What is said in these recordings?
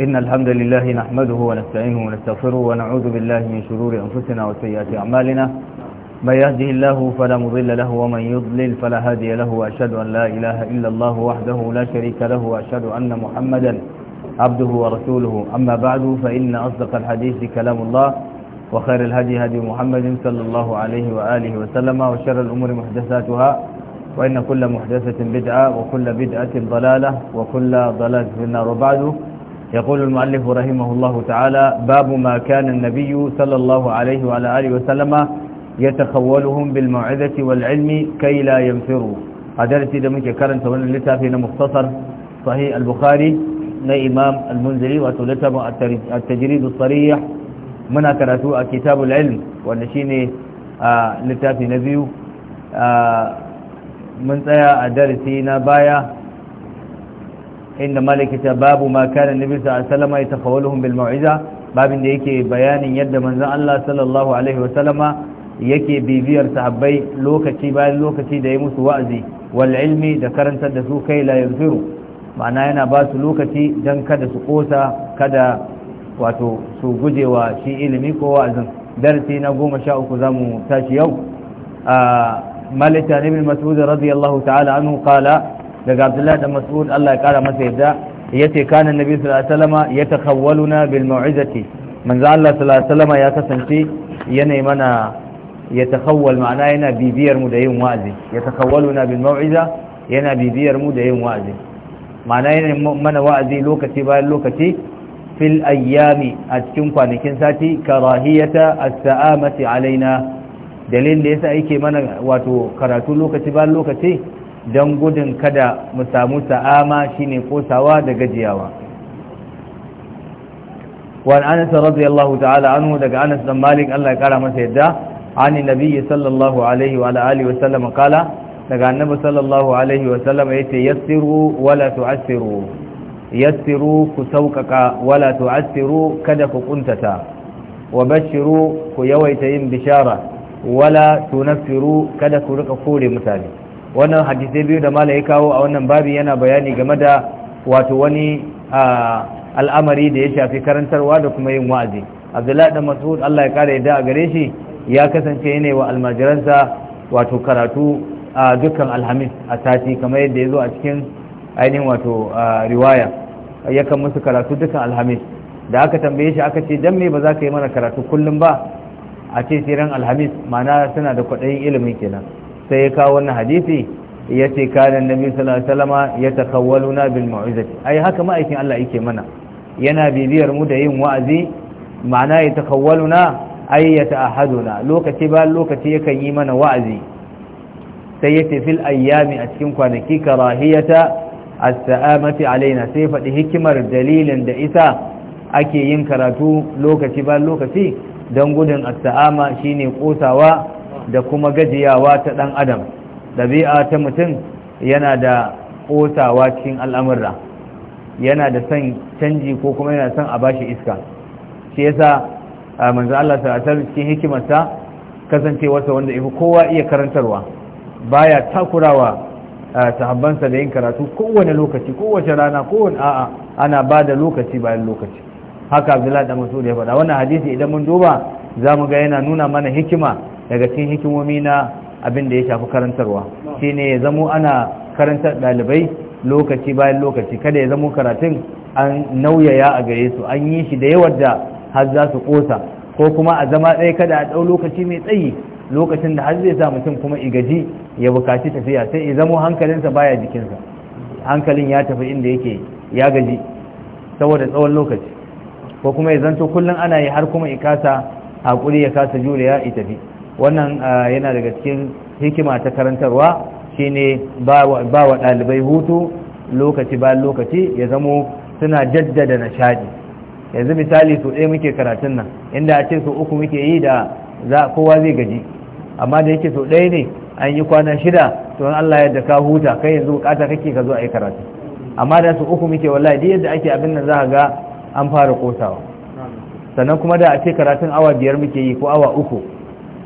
إن الحمد لله نحمده ونستعينه ونستغفره ونعوذ بالله من شرور أنفسنا وسيئات أعمالنا من يهده الله فلا مضل له ومن يضلل فلا هادي له وأشهد أن لا إله إلا الله وحده لا شريك له وأشهد أن محمدا عبده ورسوله أما بعد فإن أصدق الحديث كلام الله وخير الهدي هدي محمد صلى الله عليه وآله وسلم وشر الأمور محدثاتها وإن كل محدثة بدعة وكل بدعة ضلالة وكل ضلالة في النار وبعده يقول المؤلف رحمه الله تعالى باب ما كان النبي صلى الله عليه وعلى آله وسلم يتخولهم بالموعظة والعلم كي لا ينفروا أدرسي دمك كرن تولى لتافين مختصر صحيح البخاري لإمام المنزلي وتلتم التجريد الصريح muna karatu a kitabul ilm wanda shine a littafi na biyu mun tsaya a darasi na baya inda malaki babu ma kana nabi sallallahu ya tafawalhum bil mau'iza babin da yake bayanin yadda manzon Allah sallallahu alaihi wasallama yake bibiyar sahabbai lokaci bayan lokaci da ya musu wa'azi wal ilmi da karantar da su kai la yanfiru ma'ana yana ba su lokaci dan kada su kosa kada wato su gujewa shi ilimi ko wa'azin darasi na goma sha uku zamu tashi yau a malita ibn mas'ud radiyallahu ta'ala anhu qala daga abdullahi da mas'ud Allah ya kara masa yadda ce kana nabi sallallahu alaihi wasallam yatakhawwaluna bil mau'izati manzo Allah sallallahu alaihi wasallam ya kasance ya mana yatakhawwal ma'ana yana bibiyar mu da yin wa'azi ya yatakhawwaluna bil mau'iza yana bibiyar mu da yin wa'azi ma'ana yana mana wa'azi lokaci bayan lokaci fil ayyami a cikin kwanakin sati karahiyata as-sa'amati alaina dalilin da yasa yake mana wato karatu lokaci bayan lokaci don gudun kada mu samu sa'ama shine kosawa da gajiyawa wa anas radiyallahu ta'ala anhu daga anas dan malik Allah ya kara masa yadda ani nabiyyi sallallahu alaihi wa alihi wa sallam kala daga annabi sallallahu alaihi wa sallam yace yassiru wala tu'assiru yassiru ku sauƙaƙa wala tu'assiru kada ku kuntata wa bashiru ku yawaita yin bishara wala tunaffiru kada ku rika kore mutane wannan hadisai biyu da mala ya kawo a wannan babi yana bayani game da wato wani al'amari da ya shafi karantarwa da kuma yin wa'azi abdullahi da mas'ud Allah ya kare yadda a gare shi ya kasance ne wa almajiransa wato karatu a dukkan alhamis a sati kamar yadda ya zo a cikin ainihin wato riwaya yakan musu karatu dukkan alhamis da aka tambaye shi aka ce dan me ba za ka yi mana karatu kullum ba a ce siran alhamis ma'ana suna da kwaɗayin ilimin kenan sai ya kawo wannan hadisi ya ce kana nabi sallallahu alaihi wasallama yatakawwaluna bil mau'izati ai haka ma'aikin Allah yake mana yana bibiyar mu da yin wa'azi ma'ana yatakawwaluna ai yata'ahaduna lokaci ba lokaci yakan yi mana wa'azi sai yace fil ayyami a cikin kwanaki karahiyata as-sa'amati alaina sai faɗi hikimar dalilin da isa ake yin karatu lokaci ba lokaci don gudun as-sa'ama shine kosawa da kuma gajiyawa ta ɗan adam ɗabi'a ta mutum yana da ƙosawa cikin al'amurra yana da son canji ko kuma yana son a bashi iska shi yasa manzan Allah ta'ala cikin hikimarsa wata wanda ifi kowa iya karantarwa baya takurawa sahabbansa da yin karatu kowane lokaci kowace rana kowane a'a ana ba da lokaci bayan lokaci haka Abdullahi da masu da ya faɗa wannan hadisi idan mun duba za mu ga yana nuna mana hikima daga cikin hikimomi na abin da ya shafi karantarwa ne ya zamo ana karantar dalibai lokaci bayan lokaci kada ya zamo karatun an nauyaya a gare su an yi shi da yawar da har za su kosa ko kuma a zama ɗaya kada a ɗau lokaci mai tsayi lokacin da har zai sa mutum kuma igaji ya bukaci tafiya sai ya zamo hankalinsa baya jikinsa hankalin ya tafi inda yake ya gaji saboda tsawon lokaci ko kuma ya zanto kullum ana yi har kuma ya kasa haƙuri ya kasa juriya ya tafi wannan yana daga cikin hikima ta karantarwa ne ba wa ɗalibai hutu lokaci bayan lokaci ya zamo suna jaddada nishadi yanzu misali su ɗaya muke karatun nan inda a ce su uku muke yi da za kowa zai gaji amma da yake su ɗaya ne an yi kwana shida to Allah yadda ka huta kai yanzu bukata kake ka zo a yi karatu amma da su uku muke wallahi duk yadda ake abin nan za ga an fara kosawa sannan kuma da a ce karatun awa biyar muke yi ko awa uku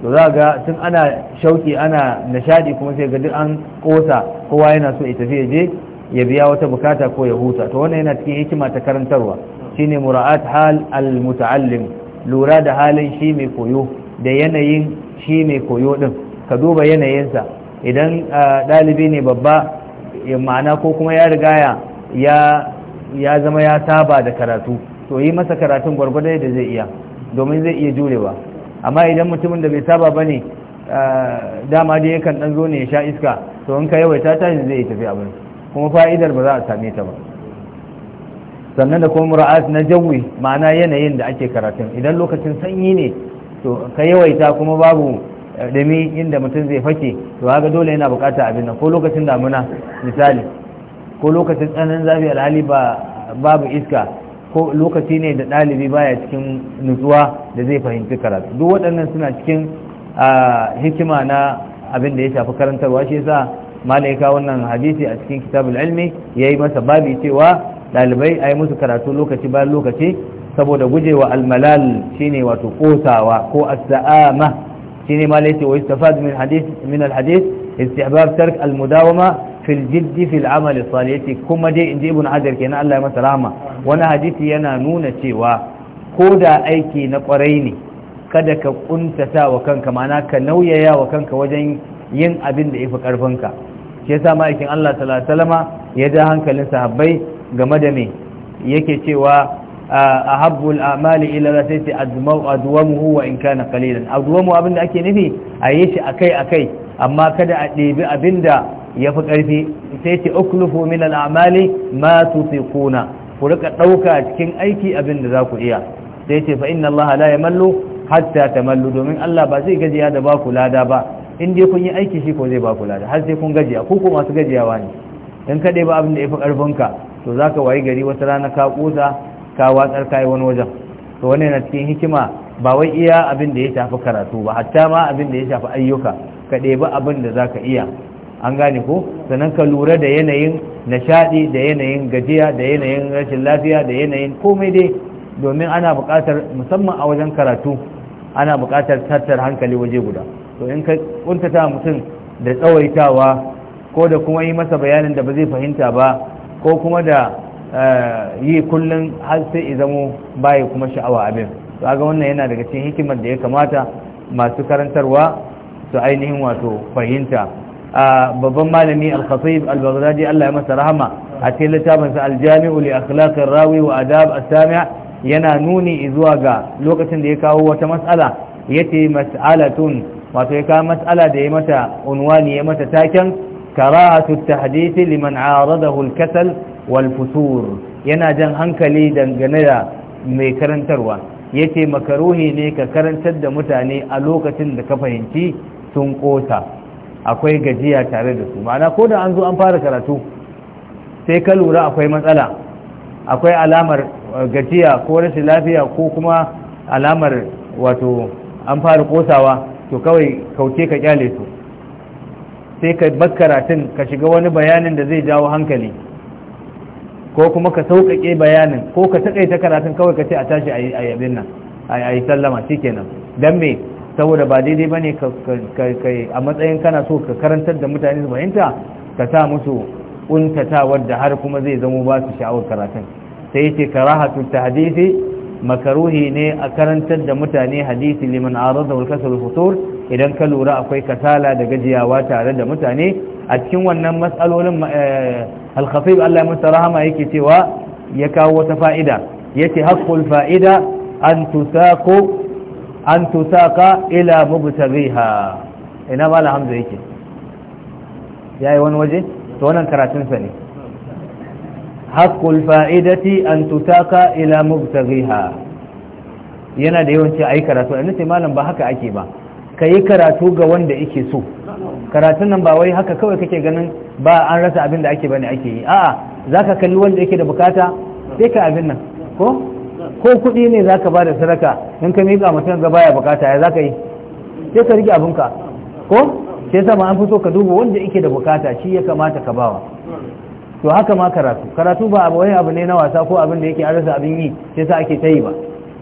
to za ga tun ana shauki ana nishadi kuma sai ga duk an kosa kowa yana so ya tafi ya je ya biya wata bukata ko ya huta to wannan yana cikin hikima ta karantarwa shine mura'at hal al muta'allim lura da halin shi mai koyo da yanayin shi mai koyo din ka duba yanayinsa idan dalibi ne babba ya ma'ana ko kuma ya riga ya ya zama ya saba da karatu to yi masa karatun gwargwadon da zai iya domin zai iya jurewa amma idan mutumin da bai saba ba ne eh, dama dai yakan ɗan zo ne ya sha iska to in ka yawaita ta zai tafi abin kuma fa'idar ba za a same ta ba sannan da kuma mura'at na jawi ma'ana yanayin da ake karatu idan lokacin sanyi ne to ka yawaita kuma babu eh, dami inda mutum zai fake to haka dole yana bukata abin nan ko lokacin damuna misali ko lokacin tsananin zafi alhali ba babu iska ko lokaci ne da ɗalibi baya cikin nutsuwa da zai fahimci karatu duk waɗannan suna cikin hikima na abin da ya shafi karantarwa shi yasa malaika wannan hadisi a cikin kitabul ilmi yayi masa babi cewa ɗalibai a yi musu karatu lokaci bayan lokaci saboda gujewa almalal shine wato kosawa ko as-sa'ama shine malaika wa istafad min hadith min al-hadith istihbab tark al-mudawama fil jiddi fil amali salih yace kuma dai inji ibnu hajar kenan Allah ya masa rahama wani hadisi yana nuna cewa ko da aiki na kwarai ne kada ka kuntata wa kanka ma'ana ka nauyaya wa kanka wajen yin abin da yafi ka shi yasa ma'aikin Allah sallallahu alaihi wasallama ya ja hankalin sahabbai game da me yake cewa ahabbul a'mali ila rasati adwamu adwamuhu wa in kana qalilan adwamu da ake nufi a yi shi akai akai amma kada a ɗebi abinda ya fi ƙarfi sai ce uklufu min al'amali ma tusiquna ku rika ɗauka cikin aiki abin da za ku iya sai ce fa inna allaha la yamallu hatta tamallu domin Allah ba zai gajiya da ba ku lada ba in dai kun yi aiki shi ko zai ba ku lada har sai kun gajiya ku ko masu gajiyawa ne in kaɗai ba abin da ya fi ka to za ka wayi gari wata rana ka ƙusa ka watsar ka yi wani wajen to wani yana cikin hikima ba wai iya abin da ya shafi karatu ba hatta ma abin da ya shafi ayyuka ka ɗebi abin da za ka iya an gane ko sannan ka lura da yanayin nishadi da yanayin gajiya da yanayin rashin lafiya da yanayin komai dai domin ana buƙatar musamman a wajen karatu ana buƙatar tattar hankali waje guda to in ka kuntata mutum da tsawaitawa ko da kuma yi masa bayanin da ba zai fahimta ba ko kuma da eh, yi kullum har sai zamo baya kuma sha'awa abin to ga wannan yana daga cikin hikimar da ya kamata masu karantarwa su ainihin wato fahimta babban malami al-khatib al-baghdadi Allah ya masa rahama a cikin littafin sa al-jami'u li akhlaqir rawi wa adab as-sami' yana nuni zuwa ga lokacin da ya kawo wata mas'ala yace mas'alatun wato ya kawo mas'ala da ya mata unwani ya mata taken karahatu at-tahdith liman 'aradahu al-kasal wal futur yana jan hankali dangane da mai karantarwa yace makaruhi ne ka karantar da mutane a lokacin da ka fahimci sun kosa akwai gajiya tare da su ma'ana ko da an zo an fara karatu sai ka lura akwai matsala akwai alamar eh, gajiya ko rashin lafiya ko kuma alamar wato an fara kosawa to kawai kauce ka kyale su sai ka bar karatun ka shiga wani bayanin da zai jawo hankali ko kuma ka sauƙaƙe bayanin ko ka taƙaita karatun kawai ka ce a tashi a yi sallama shi kenan sallama don me saboda ba daidai ba ne a matsayin kana so ka karantar da mutane su fahimta ka sa musu ƙuntatawar da har kuma zai zamo ba su sha'awar karatun sai yace karahatu ta hadisi makaruhi ne a karantar da mutane hadisi liman arada wal kasal futur idan ka lura akwai kasala da gajiyawa tare da mutane a cikin wannan matsalolin eh, al-khafif Allah ya masa rahama yake cewa ya kawo wata fa'ida yace haqqul fa'ida an tusaku an tusaka ila mubtaghiha ina mala hamza yake yayi wani waje to wannan karatun sa ne haqqul fa'idati an tusaka ila mubtaghiha yana da yawanci ai karatu an ce malam ba haka ake ba kai karatu ga wanda yake so karatun nan ba wai haka kawai kake ganin ba an rasa abin da ake bane ake yi a'a zaka kalli wanda yake da bukata sai ka abin nan ko ko kuɗi ne za ka ba da sadaka in ka miƙa mutum ga baya bukata ya za ka yi sai ka rike abinka ko sai sama an fi so ka duba wanda yake da bukata shi ya kamata ka bawa to haka ma karatu karatu ba abu wani abu ne na wasa ko abin da yake an rasa abin yi sai sa ake ta yi ba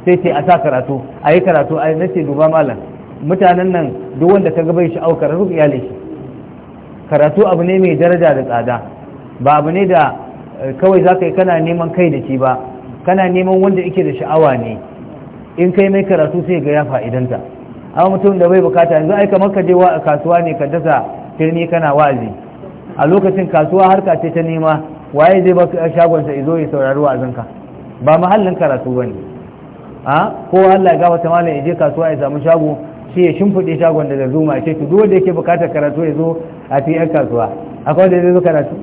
sai sai a sa karatu a yi karatu a na ce duba malam mutanen nan duk wanda ka gaba shi aukar rufe iyalin shi karatu abu ne mai daraja da tsada ba abu ne da eh, kawai za ka yi kana neman kai da shi ba kana neman wanda yake da sha'awa ne in kai mai karatu sai ga ya fa'idanta amma mutum da bai bukata yanzu ai kamar ka je wa kasuwa ne ka dasa firni kana wa'azi a lokacin kasuwa harka ce ta nema waye zai baka shagonsa izo ya saurari wa'azinka ba mahallin karatu bane a ko Allah ya gafarta malam ya je kasuwa ya samu shago sai ya shimfide shagon da zuma ce to duk wanda yake bukatar karatu ya zo a cikin yan kasuwa akwai da zai zo karatu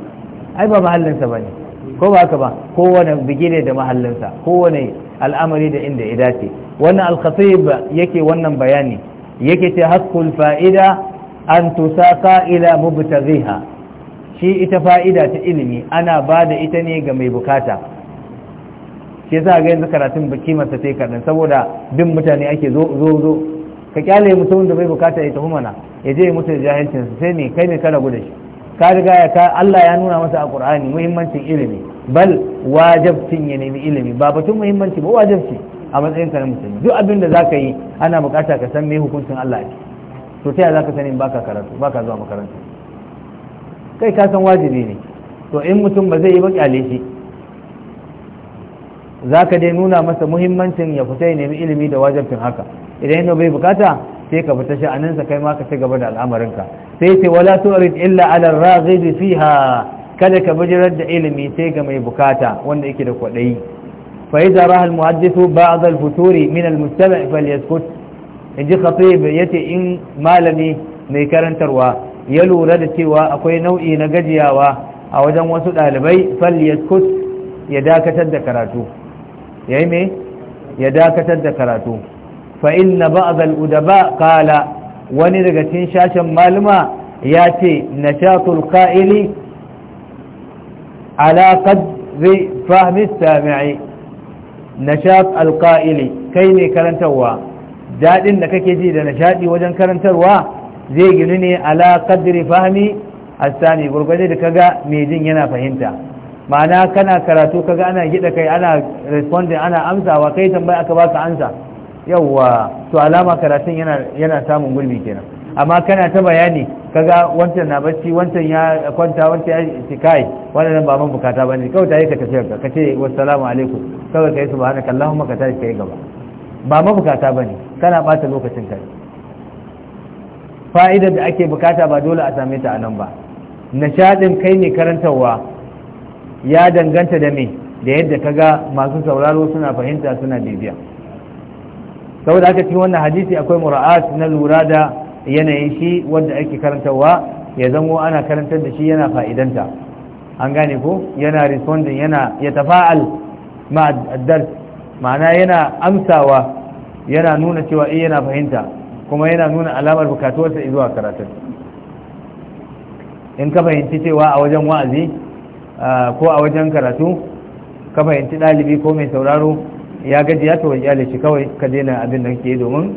ai ba sa bane ko ba haka ba kowane bigi ne da mahallinsa kowane al'amari da inda ya dace wannan al yake wannan bayani yake ce haskul fa'ida an tusaka ila mubtaghiha shi ita fa'ida ta ilimi ana ba da ita ne ga mai bukata shi yasa ga yanzu karatun baki masa sai kadan saboda bin mutane ake zo zo zo ka kyale mutum da bai bukata ya tafi mana ya je mutum jahilcin sai ne kai ne ka ragu shi ka riga ya ka Allah ya nuna masa a Qur'ani muhimmancin ilimi bal wajabcin ya nemi ilimi ba batun muhimmanci ba wajabci a matsayin ka na musulmi duk abin da zaka yi ana bukata ka san me hukuncin Allah ne to ta yaya zaka sani baka karatu baka zuwa makaranta kai ka san wajibi ne to in mutum ba zai yi ba kyale shi zaka dai nuna masa muhimmancin ya fita ya nemi ilimi da wajabcin haka idan yana bai bukata sai ka fita sha'aninsa kai ma ka ci gaba da al'amarinka sai ce wala tu'rid illa ala raghibi fiha kada ka bijirar da ilimi sai ga mai bukata wanda yake da kwaɗayi fa idza raha al muhaddithu ba'd al futuri min al mustami' falyaskut inji khatib yace in malami mai karantarwa ya lura da cewa akwai nau'i na gajiyawa a wajen wasu dalibai falyaskut ya dakatar da karatu yayi me ya dakatar da karatu fa inna ba'd al udaba qala wani daga cikin shashin maluma ya ce nashatul qa'ili ala qadri fahmi sami'i nashat kai ne karantarwa dadin da kake ji da nashaɗi wajen karantarwa zai ginu ne ala qadri fahmi asami gurgurde da kaga mai jin yana fahimta ma'ana kana karatu kaga ana gida kai ana responding ana amsawa kai tambaya aka baka ansa yawwa to alama karatun yana yana samun gurbi kenan amma kana ta bayani kaga wancan na bacci wancan ya kwanta wancan ya ci kai wannan ba mun bukata bane kawai ta yi ka tafiyar ka kace salamu alaikum kawai kai subhanaka allahumma ka tashi kai gaba ba ma bukata bane kana bata lokacin kai Fa'ida da ake bukata ba dole a same ta a nan ba nishadin kai ne karantarwa ya danganta da me da yadda kaga masu sauraro suna fahimta suna bibiya saboda haka cikin wannan hadisi akwai mura'at na lura da yanayin shi wanda ake karantarwa ya zamo ana karantar da shi yana fa'idanta an gane ko yana responding yana ya tafa'al ma'addar ma'ana yana amsawa yana nuna cewa iya eh yana fahimta kuma yana nuna alamar bukatuwarsa zuwa karatun in ka fahimci cewa a wajen wa'azi ko a wajen karatu ka fahimci ɗalibi ko mai sauraro ya gaji ya to ya shi kawai ka daina abin da kake domin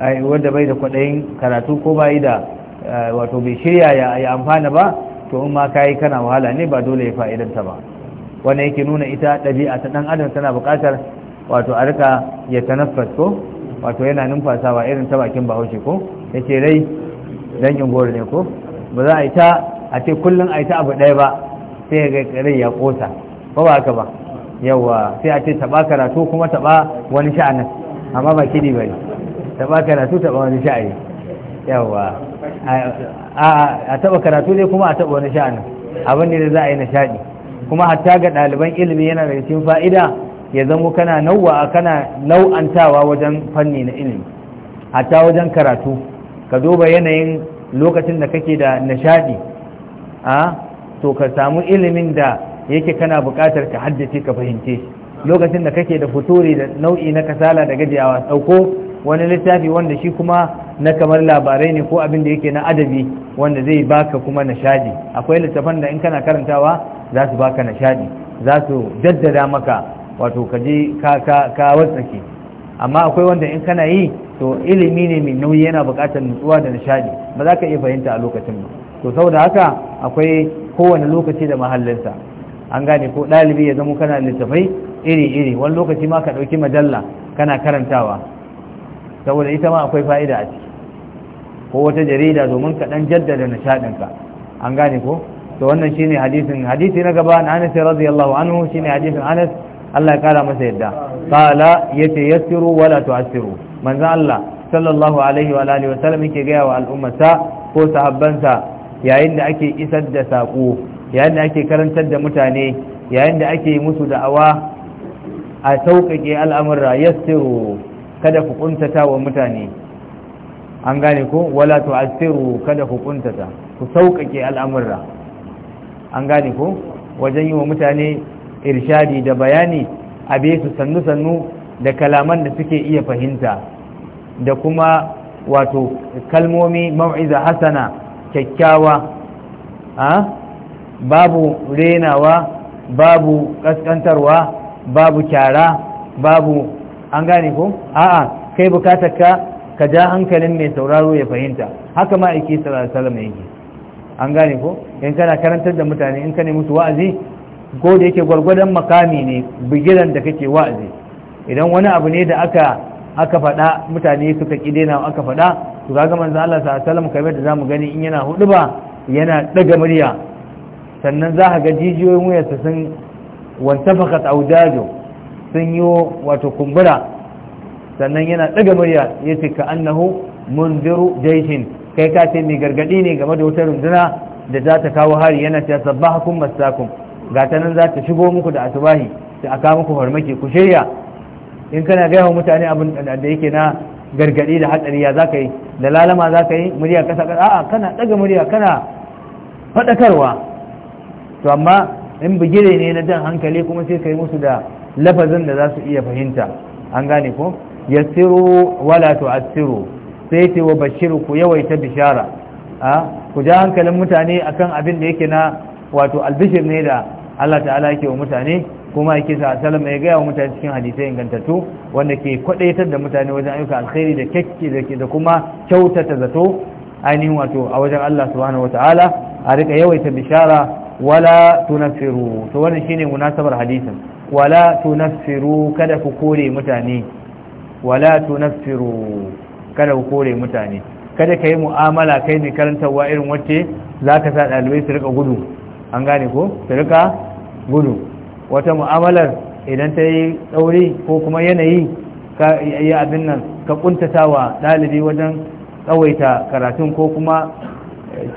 wanda bai da kwaɗayin karatu ko bai da eh, wato bai shirya ya yi amfana ba to in ma kayi kana wahala ne ba dole ya fa'idanta ba wannan yake nuna ita ɗabi'a ta ɗan adam tana buƙatar wato a rika ya tanaffas ko wato yana numfasawa irin ta bakin bahaushe ko ya ce rai dangin goro ne ko ba za a yi ta a ce kullum a yi ta abu ɗaya ba sai ga rai ya ƙosa ba ba haka ba yawa sai a ce taɓa karatu kuma taɓa wani sha'anin amma ba kiɗi ba ne taba karatu taba wani sha'ani yawa a taba karatu ne kuma a taba wani sha'ani abin ne da za a yi nishaɗi kuma hatta ga ɗaliban ilimi yana da cikin fa'ida ya zamo kana nau'a kana nau'antawa wajen fanni na ilimi hatta wajen karatu ka duba yanayin lokacin da kake da nishaɗi a to ka samu ilimin da yake kana buƙatar ka haddace ka fahimce lokacin da kake da futuri da nau'i na kasala da gajiyawa ɗauko wani littafi wanda shi kuma na kamar labarai ne ko abin da yake na adabi wanda zai baka kuma nishadi akwai littafan da in kana karantawa za su baka nishadi za su daddada maka wato ka je ka amma akwai wanda in kana yi to ilimi ne mai nauyi yana bukatar nutsuwa da nishadi ba za ka iya fahimta a lokacin ba to saboda haka akwai kowane lokaci da mahallinsa an gane ko ɗalibi ya zama kana littafai iri-iri wani lokaci ma ka ɗauki majalla kana karantawa saboda ita ma akwai fa'ida a ciki ko wata jarida domin kaɗan jaddada nishaɗinka. an gane ko to wannan shine hadisin hadisi na gaba na Anas radiyallahu anhu shine hadisin Anas Allah ya kara masa yadda qala yassiru wala tu'assiru manzo Allah sallallahu alaihi wa alihi wa sallam yake ga wa al'ummata ko sahabbansa yayin da ake isar da sako yayin da ake karantar da mutane yayin da ake musu da'awa a sauƙaƙe al'amura yassiru kada ku kuntata wa mutane an gane ko wala tu'assiru kada ku kuntata ku sauƙaƙe al'amurra an gane ko wajen yi wa mutane irshadi da bayani a su sannu-sannu da kalaman da suke iya fahimta da kuma wato kalmomi mau'iza hasana kyakkyawa babu renawa babu ƙasƙantarwa, babu kyara babu an gane ko a'a kai bukatar ka ja hankalin mai sauraro ya fahimta haka ma aiki sallallahu alaihi yake an gane ko in kana karantar da mutane in ka musu wa'azi ko da yake gwargwadon makami ne bigiran da kake wa'azi idan wani abu ne da aka aka faɗa mutane suka ki daina aka faɗa to ga manzo Allah sallallahu alaihi wasallam kamar da zamu gani in yana hudu ba yana daga murya sannan za ka ga jijiyoyin wuyarsa sun wantafakat audajo sun yi wato kumbura sannan yana daga murya ya ce ka annahu munziru jaishin kai ka ce mai gargaɗi ne game da wutar runduna da za ta kawo hari yana ce hakun masakun ga ta nan za ta shigo muku da asubahi a kawo muku farmaki ku shirya in kana gaya wa mutane abin da yake na gargadi da hatsari ya za ka yi da lalama za ka yi murya kasa kasa a'a kana daga murya kana faɗakarwa to amma in bigire ne na jan hankali kuma sai ka yi musu da lafazin da za su iya fahimta an gane ko yassiru wala tu'assiru sai ta wa bashiru ku yawaita bishara a ku ja hankalin mutane akan abin da yake na wato albishir ne da Allah ta'ala yake wa mutane kuma yake sa Salam ya gaya wa mutane cikin hadisai ingantattu wanda ke kwadaitar da mutane wajen ayyuka alkhairi da kekke da kuma kyautata zato ainihin wato a wajen Allah subhanahu wataala a rika yawaita bishara wala tunaffiru to wannan shine munasabar hadisin wala tunaffiru kada ku kore mutane wala tunaffiru kada ku kore mutane kada ka yi mu'amala kai ne karantarwa irin wacce za sa ɗalibai su rika gudu an gane ko su rika gudu wata mu'amalar idan ta yi tsauri ko kuma yanayi ka yi abin nan ka kuntatawa wa ɗalibi wajen tsawaita karatun ko kuma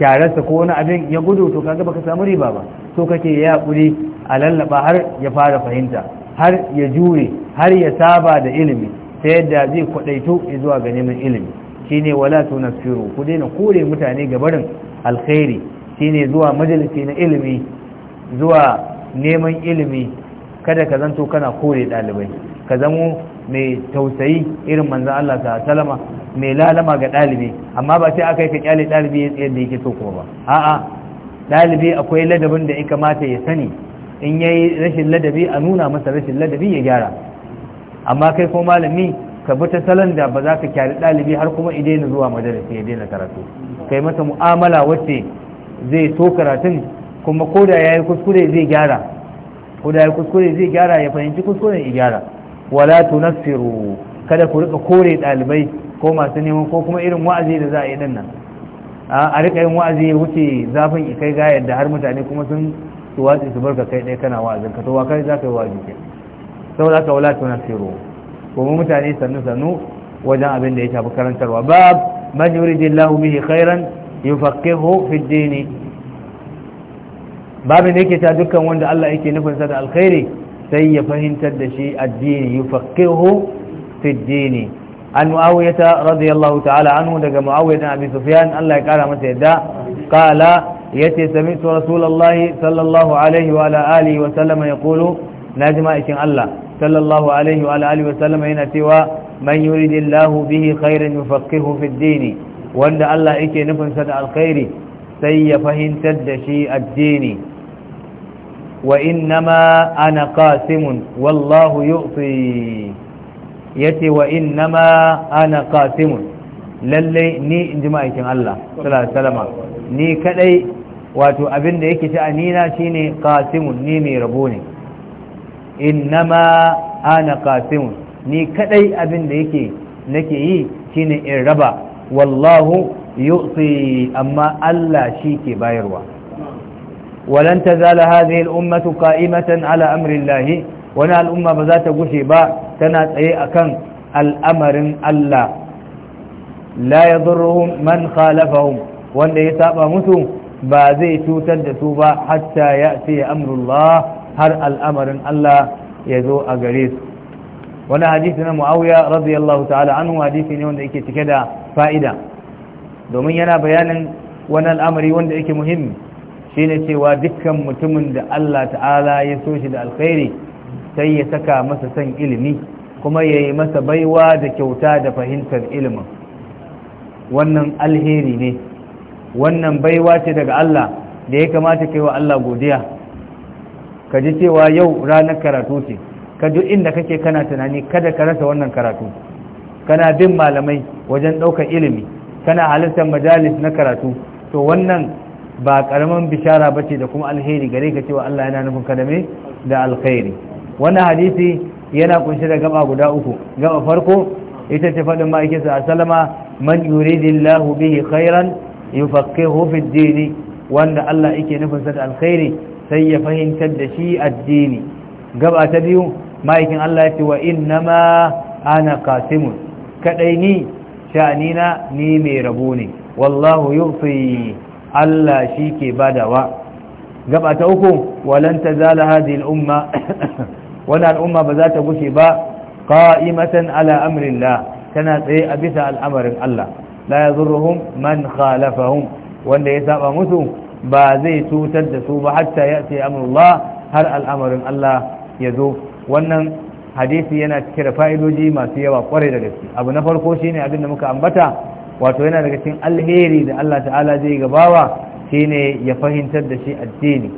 kyararsa ko wani abin ya gudu to kaga baka samu riba ba so kake ya haƙuri a lallaba har ya fara fahimta har ya jure har ya saba da ilimi ta yadda zai kwadaito zuwa ga neman ilimi ne wala firo ku daina kore mutane ga barin Shi ne zuwa majalisi na ilimi zuwa neman ilimi kada ka zanto kana kore ɗalibai. ka zamo mai tausayi irin manzan Allah ta salama mai lalama ga ɗalibi amma ba sai aka yi ka kyale ɗalibi yadda yake so kuma ba a'a ɗalibi akwai ladabin da ya kamata ya sani in yayi rashin ladabi a nuna masa rashin ladabi ya gyara amma kai ko malami ka bi ta salon da ba za ka kyari ɗalibi har kuma idaina zuwa majalisi ya daina karatu kai masa mu'amala wacce zai so karatun kuma ko da yayi kuskure zai gyara ko da yayi kuskure zai gyara ya fahimci kuskuren ya gyara wala tunassiru kada ku rika kore ɗalibai ko masu neman ko kuma irin wa'azi da za a yi nan a rika yin wa'azi ya wuce zafin ikai ga yadda har mutane kuma sun su watsi su barka kai ɗaya kana wa'azin ka to wa kai za ka yi wa'azi ke saboda haka wala tuna siro kuma mutane sannu sannu wajen abin da ya shafi karantarwa bab man yuridillahu bihi khairan yufaqihu fi dini babu ne yake ta dukkan wanda Allah yake nufin sa da alkhairi sai ya fahimtar da shi addini yufaqihu fi dini an muawiyata radiyallahu ta'ala anhu daga muawiya dan abi sufyan Allah ya kara masa yadda yace sami'tu rasulullahi sallallahu alaihi wa ala alihi wa sallama yaqulu najma ikin Allah sallallahu alaihi wa ala alihi wa sallama yana cewa man yuridillahu bihi khairan yufaqihu fid din wanda Allah yake nufin sa da alkhairi sai ya fahimtar da shi addini wa innama ana qasimun wallahu yu'ti yace wa innama ana qasimun lalle ni in ji Allah sallallahu alaihi wa sallama ni kadai wato abin da yake sha'anina shine qasimun ni mai rabo ne innama ana qasimun ni kadai abin da yake nake yi shine in raba wallahu yu'ti amma Allah shi ke bayarwa walan tazala hadhihi al-ummatu qa'imatan ala amri lahi. wani al'umma ba za ta gushe ba tana tsaye a kan al'amarin Allah la yadurruhum man khalafahum wanda ya saba musu ba zai cutar da su ba hatta ya ce amrullah har al'amarin Allah ya zo a gare su wani hadisi na mu'awiya radiyallahu ta'ala anhu hadisi ne wanda yake cike da fa'ida domin yana bayanin wani al'amari wanda yake muhimmi shine cewa dukkan mutumin da Allah ta'ala ya so shi da alkhairi sai ya saka masa son ilimi kuma ya yi masa baiwa da kyauta da fahimtar ilimin wannan alheri ne wannan baiwa ce daga Allah da ya kamata kai wa Allah godiya ka ji cewa yau ranar karatu ce ka ji inda kake kana tunani kada ka rasa wannan karatu kana bin malamai wajen ɗaukar ilimi kana halittar majalis na karatu to wannan ba karamin bishara ba ce da kuma alheri gare ka cewa Allah yana nufin ka da da alkhairi wannan hadisi yana kunshe da gaba guda uku gaba farko ita ce faɗin ma'aikinsa a salama man yuridillahu bihi khairan yufaqihu fi dini wanda Allah yake nufin sa alkhairi sai ya fahimtar da shi addini gaba ta biyu ma'aikin Allah yace wa ma ana qasimun kadai ni sha'anina ni mai rabo ne wallahu yufi Allah shi ke badawa gaba ta uku walan tazala hadhihi al-umma wannan al'umma ba za ta gushe ba qa'imatan ala amrillah tana tsaye a bisa al'amarin Allah la yadurruhum man khalafahum wanda ya saba musu ba zai cutar da su ba hatta ya'ti amrullah har al'amarin Allah ya zo wannan hadisi yana cike da fa'idoji masu yawa kwarai da gaske abu na farko shine abin da muka ambata wato yana daga cikin alheri da Allah ta'ala zai gabawa shine ya fahimtar da shi addini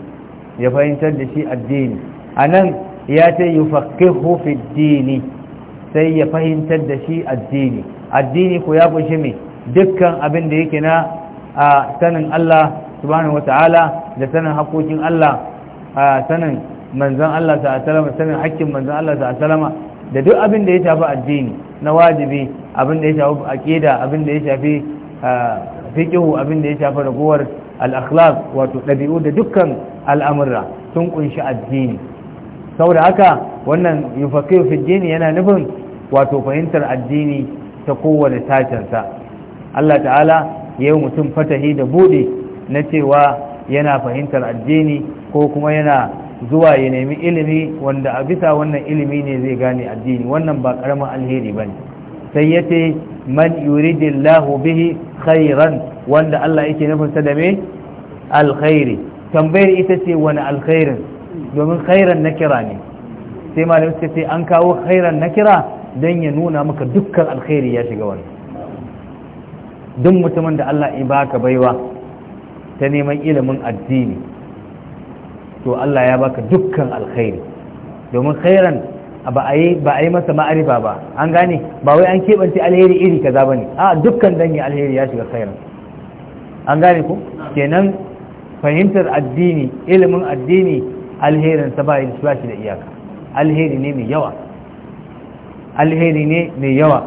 ya fahimtar da shi addini anan ya ce yufaqihu fi dini sai ya fahimtar da shi addini addini ko ya kunshi me dukkan abin da yake na sanin Allah subhanahu wata'ala da sanin haƙoƙin Allah a sanin manzan Allah sallallahu sanin haƙƙin manzan Allah sallallahu da duk abin da ya shafi addini na wajibi abin da ya shafi aqida abin da ya shafi fiqhu abin da ya shafi ragowar al-akhlaq wato dabi'u da dukkan al'amura sun kunshi addini saboda haka wannan yufaqihu fi addini yana nufin wato fahimtar addini ta kowane tashinsa Allah ta'ala yau mutum fatahi da buɗe na cewa yana fahimtar addini ko kuma yana zuwa ya nemi ilimi wanda a bisa wannan ilimi ne zai gane addini wannan ba karamin alheri ba ne sai ya ce man yuridillahu bihi khairan wanda Allah yake sa da me alkhairi tambayar ita ce wani alkhairin domin khairan na kira ne sai malamai suka ce an kawo khairan na kira don ya nuna maka dukkan alkhairi ya shiga wani duk mutumin da Allah in baka baiwa ta neman ilimin addini to Allah ya baka dukkan alkhairi domin khairan ba a yi masa ma'arifa ba an gane ba wai an keɓance alheri iri kaza ba ne a dukkan dangin alheri ya shiga khairan an gane ku kenan fahimtar addini ilimin addini sa ba shi da iyaka alheri ne mai yawa alheri ne mai yawa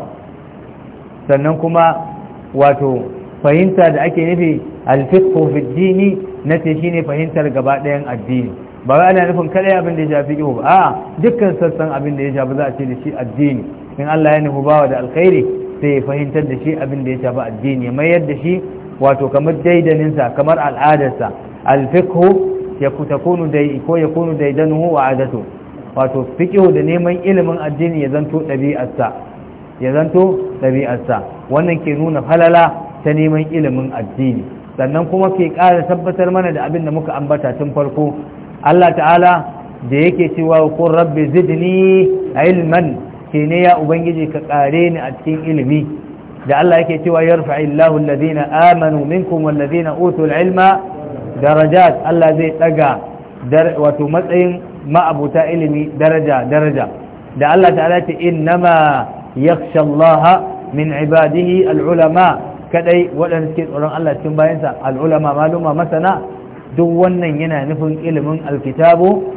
sannan kuma wato fahimta da ake nufi alfiqhu fi dini nace shine fahimtar gaba ɗayan addini ba wai ana nufin kada abin da ya shafi ihu ba a'a dukkan sassan abin da ya shafi za a ce da shi addini in Allah ya nufi bawa da alkhairi sai ya fahimtar da shi abin da ya shafi addini ya mayar da shi wato kamar daidaninsa kamar al'adarsa alfiqhu ya takunu dai ko ya kunu daidanu wa adatu wato fiqhu da neman ilimin addini ya zanto ɗabi'arsa ya zanto ɗabi'arsa wannan ke nuna falala ta neman ilimin addini sannan kuma ke ƙara tabbatar mana da abin da muka ambata tun farko Allah ta'ala da yake cewa kun rabbi zidni ilman ke ne ya ubangiji ka ƙare ni a cikin ilimi da Allah yake cewa yarfa illahu alladhina amanu minkum walladhina utul ilma darajat Allah zai ɗaga wato matsayin ma'abuta ilimi daraja daraja da Allah ta'ala ta innama yakhsha Allah min ibadihi al-ulama kadai waɗanda suke tsoron Allah cikin bayansa al-ulama maluma masana duk wannan yana nufin ilimin alkitabu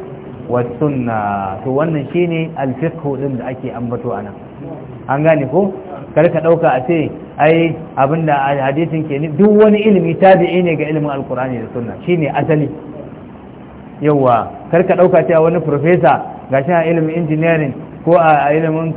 wa sunna to wannan shine al din da ake ambato anan an gane ko kar ka dauka a ce ai abinda hadisin ke ni duk wani ilimi tabi'i ne ga ilimin alkur'ani da sunna shine asali yawa kar ka dauka cewa wani professor gashi a ilimin engineering ko a ilimin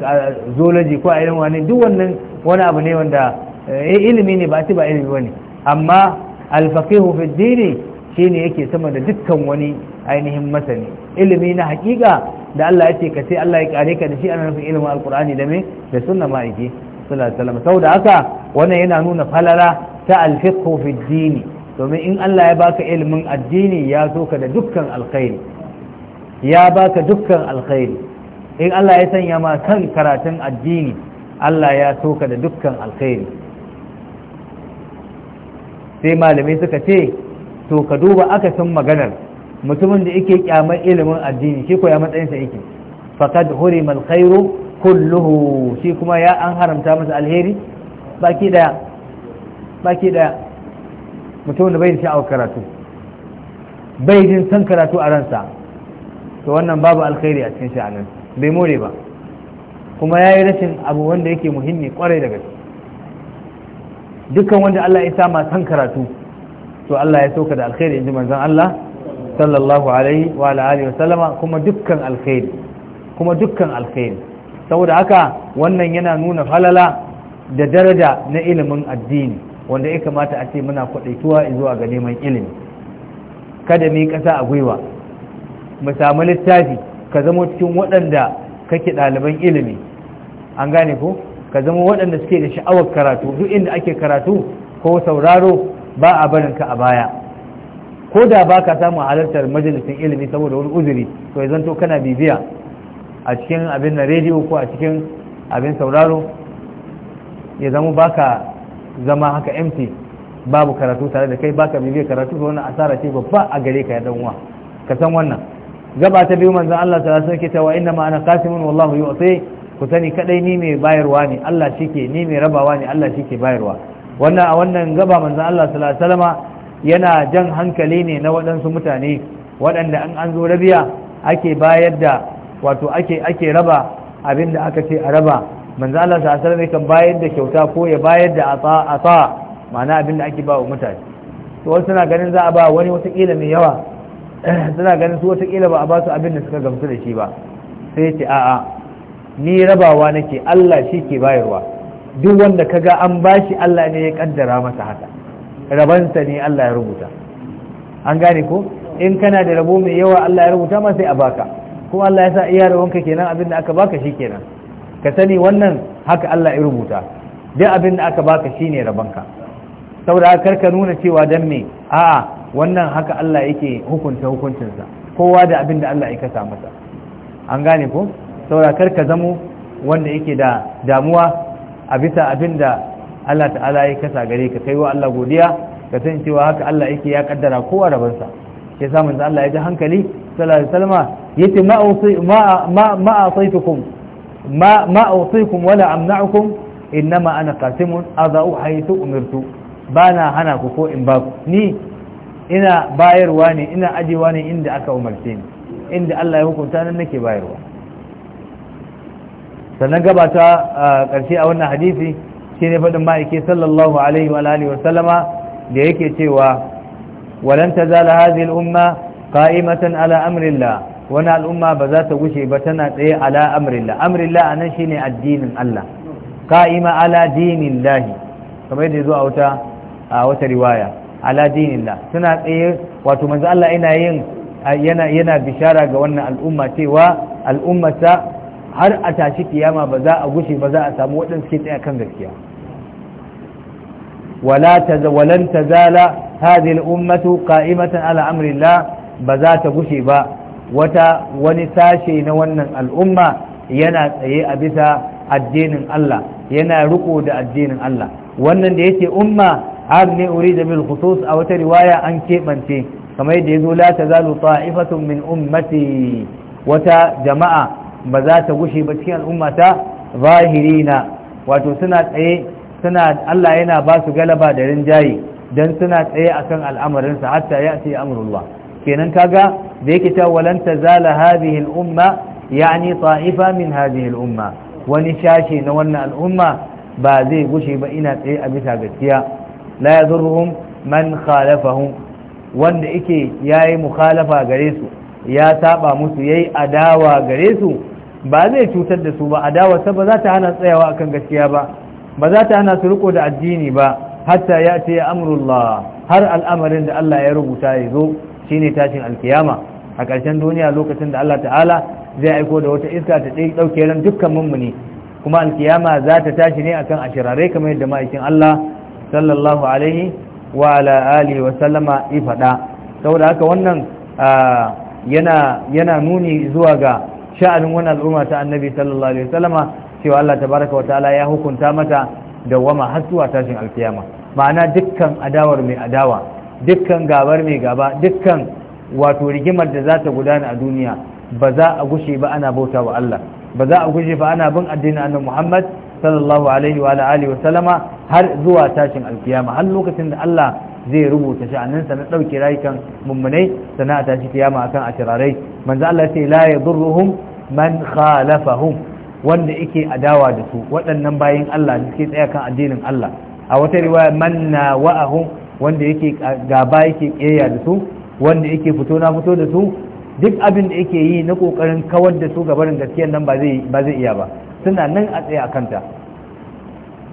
zoology ko a ilimin wani duk wannan wani abu ne wanda eh, ilimi ne ba ba ilimi wani. amma alfaqihu fi dini shine yake sama da dukkan wani ainihin masani ilimi na hakika da Allah yake ce Allah ya kare ka da shi ana nufin ilimin alqur'ani da me da sunna yake sallallahu alaihi wasallam saboda haka wannan yana nuna falala ta alfaqihu fi dini domin in Allah ya baka ilimin addini ya so ka da dukkan alkhairi ya baka dukkan alkhairi in Allah ya sanya ma kan karatun addini Allah ya soka da dukkan alkhairi sai malamai suka ce to ka duba akasin maganar mutumin da yake kyamar ilimin addini shi ko ya matsayinsa yake faqad hurima alkhairu kulluhu shi kuma ya an haramta masa alheri baki daya baki daya mutum da bai da sha'awar karatu bai jin san karatu a ransa to wannan babu alkhairi a cikin nan bai more ba kuma ya yi rashin abu wanda yake muhimmi kwarai da gaske dukkan wanda Allah ya sama san karatu to Allah ya sauka da alkhairi inji manzon Allah sallallahu alaihi wa alihi sallama kuma dukkan alkhairi kuma dukkan alkhairi saboda haka wannan yana nuna falala da daraja na ilimin addini wanda ya kamata a ce muna kwadaituwa zuwa ga neman ilimi kada mu yi kasa a gwiwa mu samu littafi ka zama cikin waɗanda kake ɗaliban ilimi an gane ko ka zama waɗanda suke da sha'awar karatu duk inda ake karatu ko sauraro ba a barin ka a baya ko da ba ka samu halartar majalisin ilimi saboda wani uzuri to ya zanto kana bibiya a cikin abin na rediyo ko a cikin abin sauraro ya zama ba ka zama haka mt babu karatu tare da kai ba ka bibiya karatu to wani asara ce babba a gare ka ya danwa ka san wannan gaba ta biyu manzan Allah ta alaihi ke ta wa inna ma ana qasimun wallahu yu'ti ku sani kadai ni mai bayarwa ne Allah ke ni mai rabawa ne Allah ke bayarwa wannan a wannan gaba manzan Allah sallallahu salama yana jan hankali ne na waɗansu mutane waɗanda an an zo rabiya ake bayar da wato ake ake raba abin da aka ce a raba Manzan Allah sallallahu salama wasallam kan bayar da kyauta ko ya bayar da ata ata ma'ana abin da ake ba wa mutane to wasu na ganin za a ba wani wata kila mai yawa suna ganin su watakila ba a ba su abin da suka gamsu da shi ba sai ce a'a ni rabawa nake Allah shi ke bayarwa duk wanda kaga an bashi Allah ne ya kaddara masa haka rabansa ne Allah ya rubuta an gane ko in kana da rabo mai yawa Allah ya rubuta ma sai a baka kuma Allah ya sa iya rawanka kenan abin da aka baka shi kenan ka sani wannan haka Allah ya rubuta duk abin da aka baka shine rabanka saboda kar ka nuna cewa dan me a'a wannan haka Allah yake hukunta hukuncinsa kowa da abin da Allah ya kasa masa an gane ko saura kar ka zamo wanda yake da damuwa a bisa abin da Allah ta'ala ya kasa gare ka kai wa Allah godiya ka san cewa haka Allah yake ya kaddara kowa rabansa ya sa manzo Allah ya ji hankali sallallahu alaihi wasallam yace ma ma ma asaitukum ma ma usikum wala amna'ukum inma ana qasimun adha'u haythu umirtu bana hana ku ko in ba ni ina bayarwa ne ina ajewa ne inda aka umarce ni inda Allah ya hukunta nan nake bayarwa sannan gabata a ƙarshe a wannan hadisi shine faɗin ma'aike sallallahu alaihi wa alihi wa sallama da yake cewa walan tazala hadhihi al-umma qa'imatan ala amrillah wani al'umma ba za ta gushe ba tana tsaye ala amrillah amrillah anan shine addinin Allah qa'ima ala dinillahi kamar yadda zo a wata a wata riwaya ala dinillah suna tsaye wato manzo Allah yana yin yana yana bishara ga wannan al'umma cewa al'ummata har a tashi kiyama ba za a gushe ba za a samu waɗanda suke tsaye kan gaskiya wala tazawalan tazala hadhihi al-ummatu qa'imatan ala amrillah ba za ta gushe ba wata wani sashe na wannan al'umma yana tsaye a bisa addinin Allah yana riko da addinin Allah wannan da yake umma har ne uri da bil khusus a wata riwaya an keɓance kamar yadda ya zo la ta zalu ta'ifatun min ummati wata jama'a ba za ta gushe ba cikin al'ummata zahirina wato suna tsaye suna Allah yana ba su galaba da rinjaye dan suna tsaye akan sa, hatta ya ce kenan kaga da yake ta walan tazala hadhihi al-umma yani ta'ifa min hadhihi umma wani shashi na wannan al'umma ba zai gushe ba ina tsaye a bisa gaskiya la yadurruhum man khalafahum wanda yake yayi mukhalafa gare su ya saba musu yayi adawa gare su ba zai cutar da su ba adawa ta ba za ta hana tsayawa akan gaskiya ba ba za ta hana su riko da addini ba hatta ya ce amrullah har al'amarin da Allah ya rubuta ya zo shine tashin alkiyama a ƙarshen duniya lokacin da Allah ta'ala zai aiko da wata iska ta ɗauke ran dukkan mummuni kuma alkiyama za ta tashi ne akan ashirare kamar yadda ma'aikin Allah sallallahu alaihi wa ala alihi wa sallama ifada saboda haka wannan yana yana nuni zuwa ga sha'anin wannan al'umma ta annabi sallallahu alaihi wa sallama cewa Allah tabaraka wa ta'ala ya hukunta mata wama har zuwa tashin alkiyama ma'ana dukkan adawar mai adawa dukkan gabar mai gaba dukkan wato rigimar da za ta gudana a duniya ba za a gushe ba ana bauta wa Allah ba za a gushe ba ana bin addinin annabi Muhammad sallallahu alaihi wa alihi wa sallama har zuwa tashin alkiyama har lokacin da Allah zai rubuta sha'aninsa na ɗauki rayukan mummunai sana'a tashi kiyama akan ashirarai manzo Allah sai la yadurruhum man khalafahum wanda yake adawa da su waɗannan bayin Allah da suke tsaya kan addinin Allah a wata riwaya man nawa'ahum wanda yake gaba yake kiyaya da su wanda yake fito na fito da su duk abin da yake yi na kokarin kawar da su gabarin gaskiyar nan ba ba zai iya ba suna nan a tsaye a kanta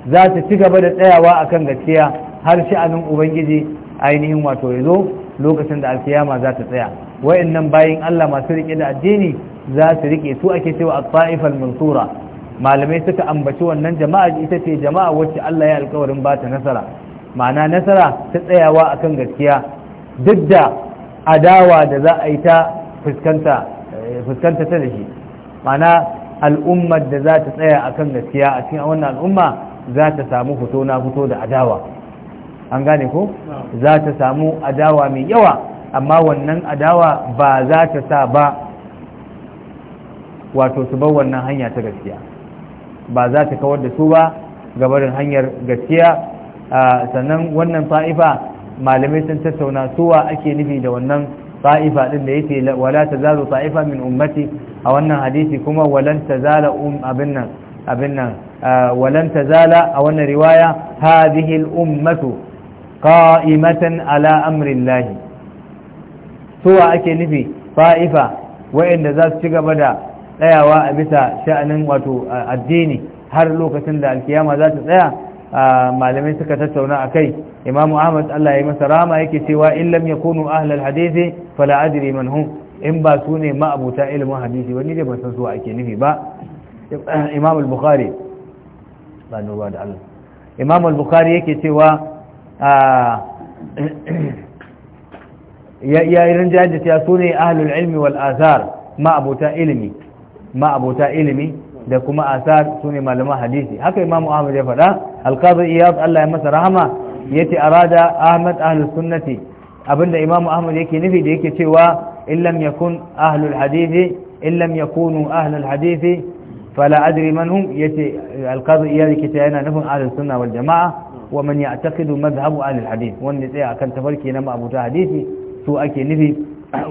za su ci gaba da tsayawa a kan gaskiya har sha'anin ubangiji ainihin wato ya zo lokacin da alkiyama za ta tsaya wayannan bayan Allah masu rike da addini za su rike su ake cewa at-ta'ifal mansura malamai suka ambaci wannan jama'a ita ce jama'a wacce Allah ya alkawarin ba ta nasara ma'ana nasara ta tsayawa akan gaskiya duk da adawa da za a yi ta fuskanta eh, fuskanta ta da shi ma'ana al'ummar da za ta tsaya kan gaskiya a cikin wannan al'umma za ta samu fito na fito da adawa an gane ko za ta samu adawa mai yawa amma wannan adawa ba za ta sa ba wato su bar wannan hanya ta gaskiya ba za ta kawar da su ba gabarin hanyar gaskiya sannan wannan fa'ifa malamai sun tattauna suwa ake nufi da wannan ta'ifa din da yake wala tazalu ta'ifa min ummati a wannan hadisi kuma walan tazala um abin nan uh, walan tazala a wannan riwaya hadhihi al ummatu qa'imatan ala amri Allah suwa ake nufi Fa'ifa, wa'inda za su ci gaba da tsayawa a bisa sha'anin wato uh, addini har lokacin da alkiyama za ta tsaya malamai suka tattauna a kai. imamu ahmad Allah ya masa rama yake cewa in lam yakunu ahlal hadisi fala adri man hum in ba su ne ma'abuta ilimin hadisi wani da ban san su ake nufi ba imam al-bukhari ba ba da Allah imam al-bukhari yake cewa ya irin jajjata su ne ahlul ilmi wal azhar ma'abuta ilimi ma'abuta ilimi da kuma asar sune malaman hadisi haka imamu ahmad ya faɗa alqazi iyad Allah ya masa rahama yace arada ahmad ahlus sunnati abinda imamu ahmad yake nufi da yake cewa in lam yakun ahlul hadisi in lam yakunu ahlul hadisi fala adri man hum yace alkazu iyad yake yana nufin ahlus sunna wal jamaa wa man ya'taqidu madhhabu ahlul hadisi wanda tsaya akan tafarki na ma'abuta hadisi su ake nufi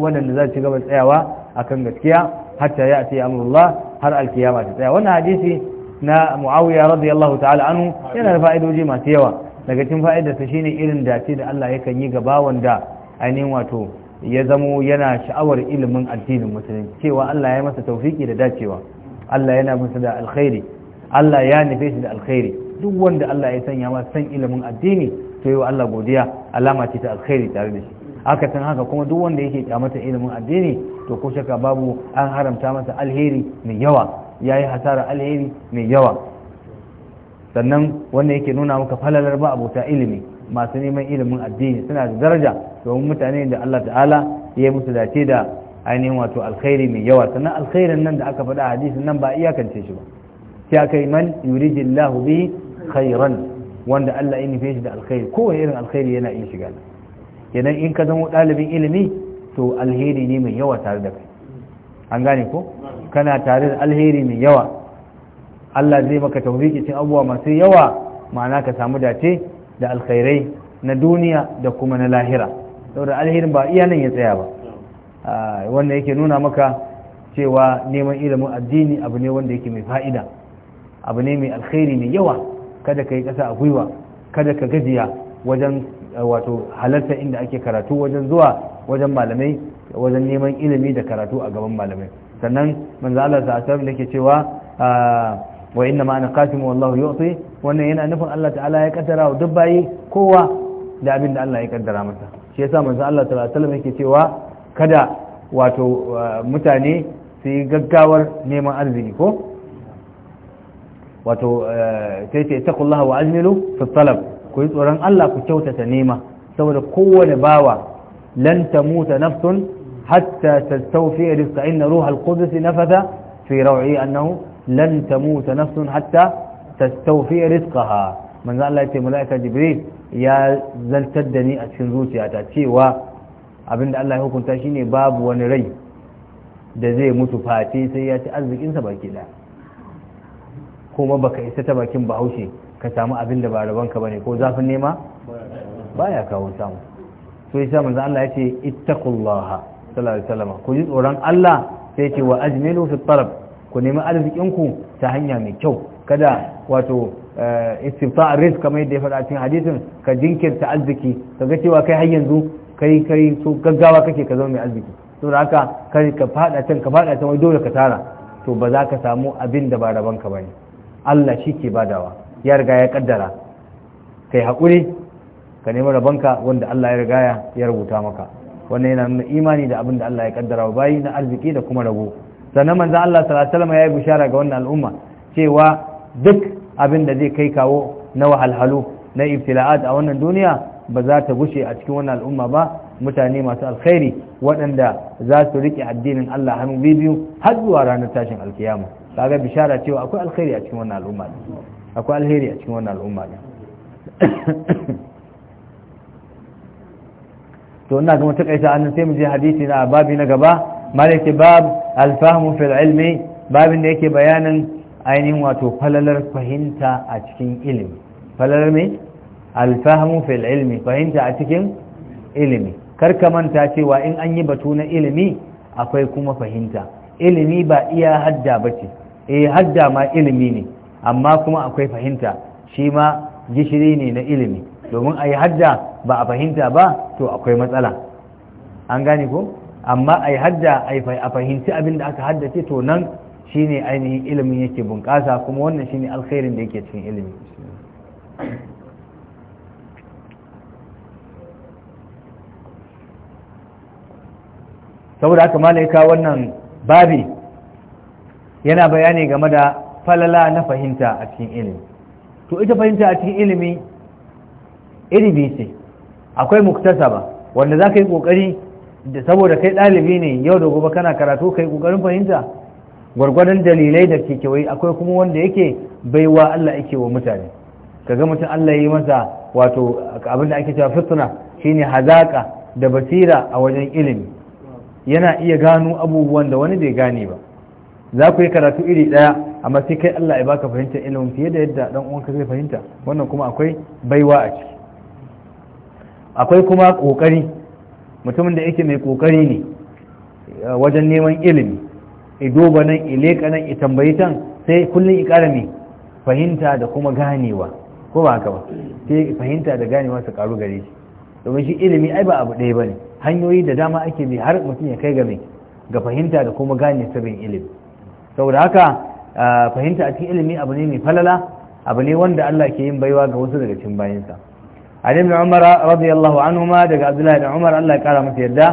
wanda za su ci gaba tsayawa akan gaskiya hatta ya ce amrullah har alkiyama ta tsaya wannan hadisi na muawiya radiyallahu ta'ala anhu yana da fa'idodi masu yawa daga cikin fa'idarsa shine irin dace da Allah yakan yi ga bawan da ainihin wato ya zamo yana sha'awar ilimin addinin musulunci cewa Allah ya masa taufiki da dacewa Allah yana masa da alkhairi Allah ya nufe shi da alkhairi duk wanda Allah ya sanya masa san ilimin addini to yi Allah godiya alama ce ta alkhairi tare da shi haka san haka kuma duk wanda yake kyamata ilimin addini to ko shaka babu an haramta masa alheri mai yawa yayi hasara alheri mai yawa sannan wanda yake nuna maka falalar ba abota ilimi masu neman ilimin addini suna da daraja domin mutane da Allah ta'ala ya yi musu dace da ainihin wato alkhairi mai yawa sannan alkhairin nan da aka faɗa a hadisin nan ba iyakance shi ba sai aka yi man yuridillahu bihi khairan wanda Allah ya nufe shi da alkhairi kowane irin alkhairi yana iya shiga nan idan in ka zama ɗalibin ilimi to alheri ne mai yawa tare da kai an gane ko kana tare da alheri mai yawa Allah zai maka tawfiki cin abubuwa masu yawa ma'ana ka samu dace da alkhairai na duniya da kuma na lahira saboda alherin ba iya nan ya tsaya ba ah, wannan yake nuna maka cewa neman ilimin addini abu ne wanda yake mai fa'ida abu ne mai alkhairi mai yawa kada ka yi ƙasa a gwiwa kada ka gajiya wajen wato halarta inda ake karatu wajen zuwa wajen malamai wajen neman ilimi da karatu a gaban malamai sannan manzo Allah ta asar da ke cewa ah, wa inna ma ana qasimu wallahu yu'ti wannan yana nufin Allah ta'ala ya kaddara wa duk bayi kowa da abin da Allah ya kaddara masa shi yasa manzo Allah ta asar yake cewa kada wato ah, mutane su yi gaggawar neman arziki ko wato ah, sai ce taqullaha wa azmilu fi talab ku yi tsoron Allah ku kyautata nema saboda kowane bawa lan tamuta nafsun hatta tastawfi rizqa inna ruhal qudus nafatha fi raw'i annahu lan tamuta nafsun hatta tastawfi rizqaha manzo Allah ya ce malaika jibril ya zantar da ni a cikin zuciyata cewa abinda Allah ya hukunta shine babu wani rai da zai mutu fati sai ya ci arzikinsa baki ɗaya, kuma baka isa ta bakin bahaushe ka samu abin da ba rabanka bane ko zafin nema ya kawo samu so yasa manzo Allah yace ittaqullaha sallallahu alaihi ku ji tsoron Allah sai ce wa ajmilu fi talab ku nemi arzikin ku ta hanya mai kyau kada wato eh, istifta rizq kamar yadda ya faɗa cikin hadisin ka jinkirta arziki kaga cewa kai har yanzu kai kai so gaggawa kake ka zama mai arziki saboda haka kai ka fada can ka can wai dole ka tara to ba za ka samu abin da ba rabanka bane Allah shi ke badawa ya riga ya kaddara kai hakuri ka nemi rabonka wanda Allah ya riga ya rubuta maka wannan yana nuna imani da abin da Allah ya kaddara wa bayi na arziki da kuma rabo sannan manzo Allah sallallahu alaihi wasallam ya yi bishara ga wannan al'umma cewa duk abin da zai kai kawo na wahalhalu na ibtila'at a wannan duniya ba za ta gushe a cikin wannan al'umma ba mutane masu alkhairi waɗanda za su riƙe addinin Allah hannu biyu har zuwa ranar tashin alkiyama kaga bishara cewa akwai alkhairi a cikin wannan al'umma akwai alheri a cikin wannan al'umma ne to ina ga kaisa annan sai mu je hadisi na babi na gaba malaki bab alfahmu fil ilmi babin da yake bayanin ainihin wato falalar fahimta a cikin ilimi falalar me alfahmu fil ilmi fahimta a cikin ilimi kar ka manta cewa in an yi batu na ilimi akwai kuma fahimta ilimi ba iya hadda bace eh hadda ma ilimi ne amma kuma akwai fahimta shi ma gishiri ne na ilimi domin a yi hajja ba a fahimta ba to akwai matsala an gane ko amma a yi hajja a fahimci abin da aka haddace to nan shi ne ainihin ilimin yake bunƙasa kuma wannan shi ne alkhairin da yake cikin ilimi saboda haka malaika wannan babi yana bayani game da falala na fahimta a cikin ilimi to ita fahimta a cikin ilimi iri ce akwai muktasaba wanda za ka yi kokari da saboda kai ɗalibi ne yau da gobe kana karatu ka yi kokarin fahimta gwargwadon dalilai da ke kewaye akwai kuma wanda yake baiwa Allah yake wa mutane Ka kaga mutum Allah ya yi masa wato abin da ake cewa fitna shine hazaka da basira a wajen ilimi yana iya gano abubuwan da wani bai gane ba za ku yi karatu iri daya amma sai kai Allah ya baka fahimta ilimin fiye da yadda dan uwanka zai fahimta wannan kuma akwai baiwa a ciki akwai kuma kokari mutumin da yake mai kokari ne eh, wajen neman ilimi duba nan leka nan i tambayi tan sai kullum i ƙara mai fahimta da kuma ganewa ko ba haka ba sai fahimta da ganewa su karu gare shi domin shi ilimi ai ba abu ɗaya ba ne hanyoyi da dama ake bi har mutum ya kai ga mai ga fahimta da kuma gane sabin ilimi saboda haka fahimta a cikin ilimi abu ne mai falala abu ne wanda Allah ke yin baiwa ga wasu daga cikin bayansa Ali ibn umar radiyallahu ma daga abdullahi ibn umar Allah ya kara masa yarda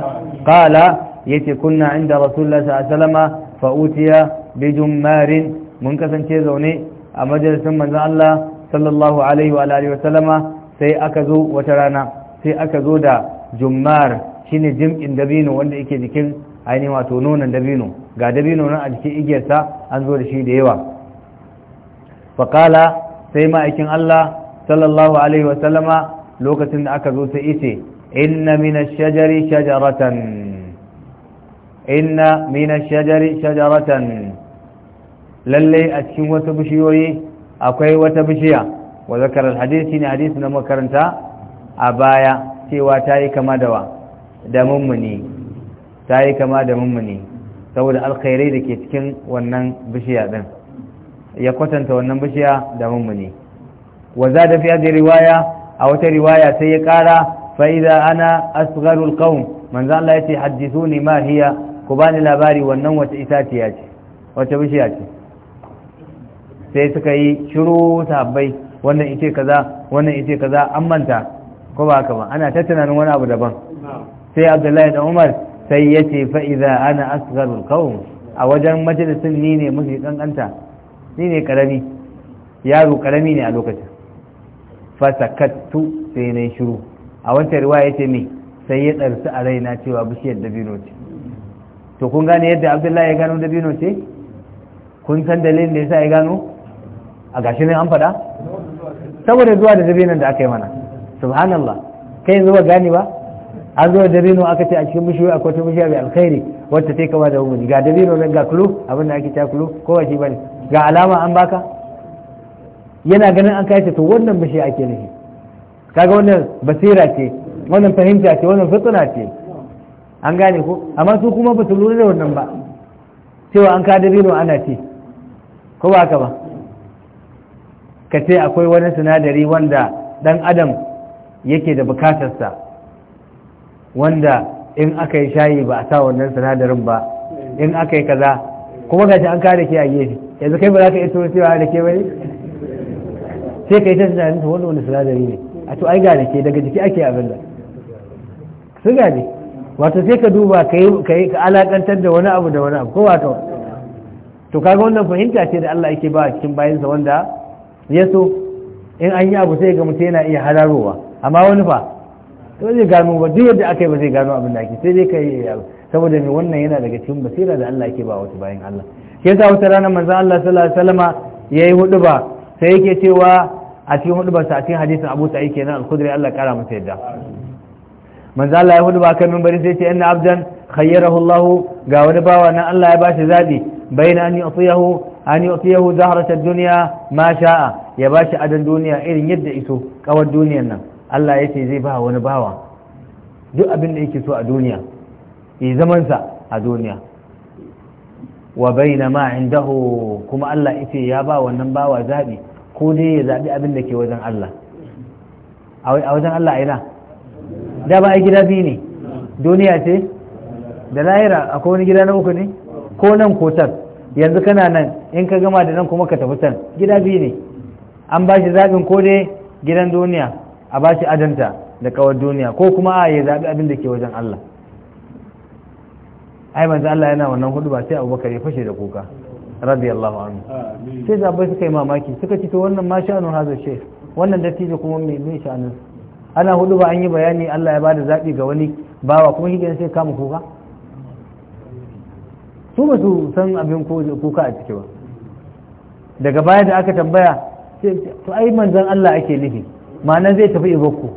qala yace kunna inda Rasulullah sallallahu alaihi wasallam fa utiya bi jummarin mun kasance zaune a majalisar manzon Allah sallallahu alaihi wa alihi wasallama sai aka zo wata rana sai aka zo da jummar shine jim'in dabino wanda yake jikin ainihin wato nonon dabino ga dabino nan a cikin igiyarsa an zo da shi da yawa faƙala sai ma'aikin Allah sallallahu alaihi wasallama lokacin da aka zo sai ice inna mina shajari shajaratan inna min shajaratan lalle a cikin wata bishiyoyi akwai wata bishiya wa zakarar hadisi ne hadisi na makaranta a baya cewa ta yi kama da wa da mummuni ta yi kama da mummuni saboda alkhairai da ke cikin wannan bishiya din ya kwatanta wannan bishiya da mummuni wa za da fiye da riwaya a wata riwaya sai ya kara fa'iza ana asgharul qaum manzo Allah yace hadithuni ma hiya ku bani labari wannan wata itaciya ce wata bishiya ce sai suka yi shiru sabbai wannan ice kaza wannan ice kaza an manta ko ba haka ba ana ta tunanin wani abu daban sai Abdullahi da Umar sai ya ce fa'iza ana asgarul kawun a wajen majalisun ni ne mafi kankanta ni ne karami yaro karami ne a lokacin fasakattu sai na shiru a wancan ruwa ya ce ne sai ya ɗarsu a raina cewa bishiyar dabino ce to kun gane yadda abdullahi ya gano dabino ce kun san dalilin da ya sa ya gano a gashi ne an faɗa saboda zuwa da dabinon da aka yi mana subhanallah kai zuwa ba gane ba an zo da dabino aka ce a cikin bishiyoyi akwai ta bishiya mai alkhairi wacce yi kama da mumuni ga dabino nan ga kulu abin da ake ta kulu ko ba shi ga alama an baka yana ganin an kai to wannan bishiya ake nufi kaga wannan basira ce wannan fahimta ce wannan fitna ce an gane ko amma su kuma ba su lura da wannan ba cewa an ka dabino ana ce ko ba ka ba ka ce akwai wani sinadari wanda dan adam yake da bukatarsa wanda in aka yi shayi ba a sa wannan sinadarin ba in aka yi kaza kuma ga an kare ke a gefe yanzu kai ba za ka iya turo cewa da ke ne? sai ka yi ta tunanin ta wani wani sinadari ne a to ai gane ke daga jiki ake abin da su gane wato sai ka duba ka yi ka alakantar da wani abu da wani abu ko wato to kaga wannan fahimta ce da Allah yake ba a cikin bayansa wanda ya so in an yi abu sai ga mutum yana iya hararowa amma wani fa ba zai gano ba duk yadda aka yi ba zai gano abin da ake sai dai ka yi saboda mai wannan yana daga cikin basira da Allah ke ba wasu bayan Allah ke sa wata ranar manzo Allah sallallahu alaihi ya yi hudu ba sai yake cewa a cikin hudu ba a cikin hadisin Abu Sa'id kenan al-Khudri Allah kara masa yadda manzo Allah ya hudu ba kan minbari sai ce inna abdan khayyarahu Allah ga wani bawa na Allah ya bashi zabi bayna an yu'tiyahu an yu'tiyahu zahrata ad-dunya ma sha'a ya bashi adan duniya irin yadda iso kawar duniyar nan Allah ya ce zai ba wani bawa duk abin da yake so a duniya yi zamansa a duniya wa bayna ma indahu kuma Allah ya ce ya ba wannan bawa zabi ko dai ya zabi abin da ke wajen Allah a wajen Allah ina da ba a gida biyu ne duniya ce da lahira akwai wani gida na uku ne ko nan ko can yanzu kana nan in ka gama da nan kuma ka tafi can gida biyu ne an ba shi zaɓin ko dai gidan duniya a bashi adanta da kawar duniya ko kuma a yi zaɓi abin da ke wajen Allah ai manzo Allah yana wannan hudu ba sai Abubakar ya fashe da kuka radiyallahu anhu sai zabai suka yi mamaki suka ci to wannan mashi anu haza ce wannan dattijo kuma mai mai sha'anin ana hudu ba an yi bayani Allah ya bada zaɓi ga wani bawa kuma shi sai kama kuka su ba su san abin kuka a ciki ba daga baya da aka tambaya to ai manzon Allah ake nufi ma'ana zai tafi iroko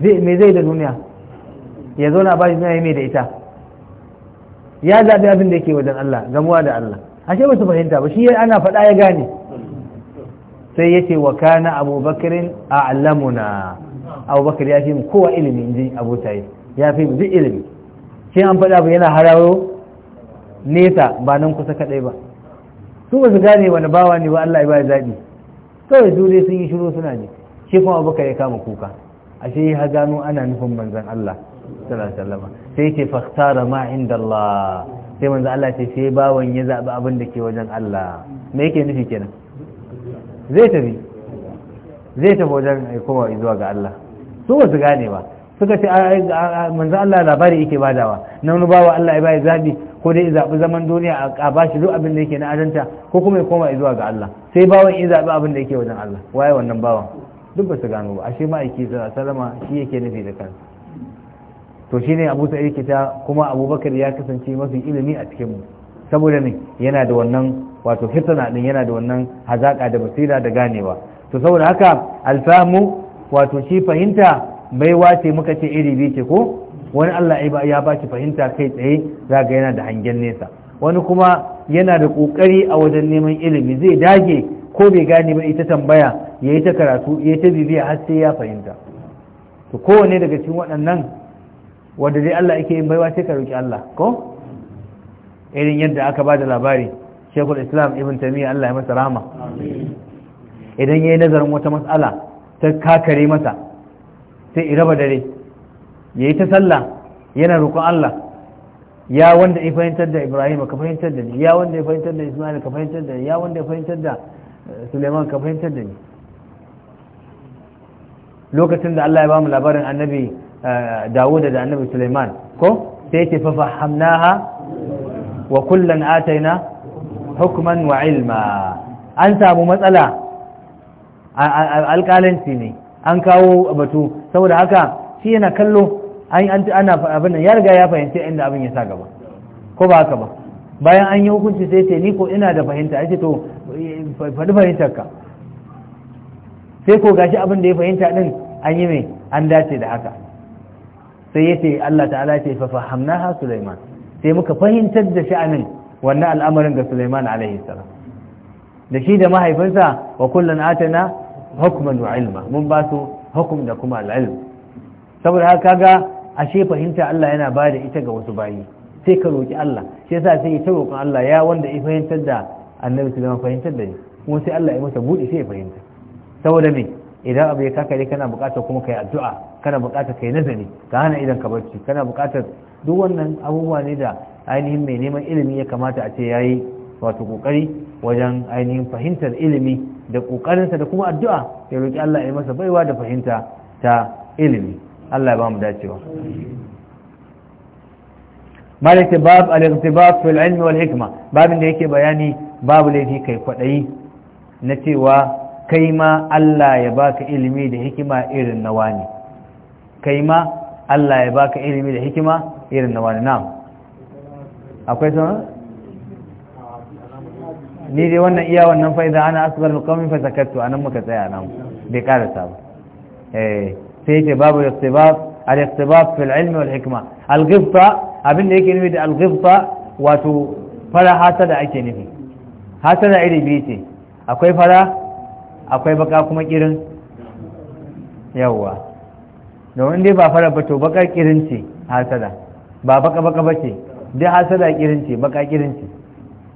me zai da duniya ya zauna ba shi duniya mai da ita ya zaɓi abin da yake wajen Allah gamuwa da Allah ashe ba su fahimta ba shi ana faɗa ya gane sai ya ce wa kana abubakarin a alamuna abubakar ya fi mu kowa ilimi in ji abu yi, ya fi mu duk ilimi shi an faɗa ba yana harawo nesa ba nan kusa kaɗai ba su ba su gane wani bawa ne ba Allah ya ba zaɓi kawai su dai sun yi shiru suna ne shi kuma abubakar ya kama kuka ashe ya gano ana nufin Manzan Allah sallallahu sai yake fahtara ma inda Allah sai manzan Allah ce sai bawon ya zaɓi abin da ke wajen Allah me yake nufi kenan zai tafi zai tafi wajen koma zuwa ga Allah su ba su gane ba suka ce manzan Allah labari yake badawa na wani bawa Allah ya bayi zaɓi ko dai zaɓi zaman duniya a bashi duk abin da yake na adanta ko kuma ya koma zuwa ga Allah sai bawon ya zaɓi abin da yake wajen Allah waye wannan bawan duk ba su gano ba ashe ma'aiki Salama shi yake nufi da kansa to shine abu sa'id kuma abubakar ya kasance mafi ilimi a cikin mu saboda ne yana da wannan wato fitana din yana da wannan hazaka da basira da ganewa to saboda haka alfamu wato shi fahimta bai wace muka ce iri biyu ce ko wani Allah ya ba shi fahimta kai tsaye zaga yana da hangen nesa wani kuma yana da kokari a wajen neman ilimi zai dage ko bai gane ba ita tambaya ya yi ta karatu ya yi ta bibiya har sai ya fahimta to kowane daga cikin waɗannan wanda dai Allah yake yin baiwa sai ka roki Allah ko irin yadda aka ba da labari shekul islam ibn tamiya Allah ya masa rahama idan ya yi nazarin wata matsala ta kakare masa sai raba dare ya yi ta sallah yana roƙon Allah ya wanda ya fahimtar da Ibrahim ka fahimtar da ni ya wanda ya fahimtar da Ismail ka fahimtar da ni ya wanda ya fahimtar da suleiman ka fahimtar da ni lokacin da Allah ya ba mu labarin annabi eh, Dawud da annabi suleiman ko sai ce fa fahamnaha wa kullan ataina hukman wa ilma an samu matsala alƙalanci ne an kawo batu saboda haka shi yana kallo ana abin nan ya riga ya fahimci inda abin ya sa gaba ko ba haka ba bayan an yi hukunci sai ce ni ko ina da fahimta ake to faɗi fahimtarka sai ko gashi abin da ya fahimta ɗin an yi mai an dace da haka sai ya ce Allah ta'ala ce fa ha Sulaiman sai muka fahimtar da sha'anin wannan al'amarin ga Sulaiman alaihi salam da shi da mahaifinsa wa kullun atana hukman wa ilma mun ba su hukum da kuma al'ilm saboda haka kaga ashe fahimta Allah yana ba da ita ga wasu bayi sai ka roki Allah shi yasa sai ya ta Allah ya wanda ya fahimtar da annabi su zama fahimtar da ni kuma sai Allah ya masa buɗe sai ya fahimta saboda me idan abu ya kakare kana buƙatar kuma kai addu'a kana buƙatar kai nazari ka hana idan ka barci kana buƙatar duk wannan abubuwa ne da ainihin mai neman ilimi ya kamata a ce yayi wato kokari wajen ainihin fahimtar ilimi da kokarinsa da kuma addu'a ya roki Allah ya masa baiwa da fahimta ta ilimi Allah ya ba mu dacewa مالك باب الاغتباط في العلم والحكمة باب اللي هيك بياني babu laifi kai kwaɗayi na cewa kai ma Allah ya baka ilimi da hikima irin na wani kai ma Allah ya baka ilimi da hikima irin na wani na'am akwai sanar ni dai wannan iya wannan fa'iza ana asbar alqawmi fa sakattu anan muka tsaya nan bai karata ba eh sai ce babu istibab al-istibab da al-ilm wal hikma al-ghibta abin da yake nufi da al wato faraha ta da ake nufi hasana iri biyu ce akwai fara akwai baka kuma kirin yawwa domin dai ba fara ba to baka kirin ce hasana ba baka baka ba ce dai hasana kirin ce baka kirin ce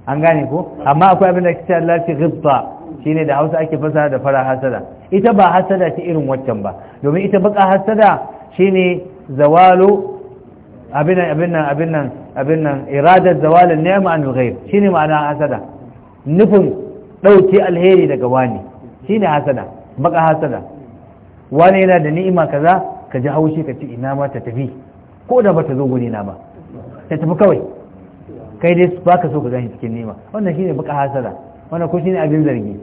an gane ko amma akwai abin da kace Allah ce ghibba shine da Hausa ake fasaha da fara hasada ita ba hasada ce irin waccan ba domin ita baka hasada shine zawalu abin nan abin nan abin nan iradar zawalin ni'ma anil ghaib shine ma'ana hasada nufin ɗauke alheri daga wani shine hasada baka hasada wani yana da ni'ima kaza ka ji haushi ka ci ina ma ta tafi ko da bata zo guri na ba ta tafi kawai kai dai ba ka so ka gani cikin ni'ima wannan shine baka hasada wannan ko shine abin zargi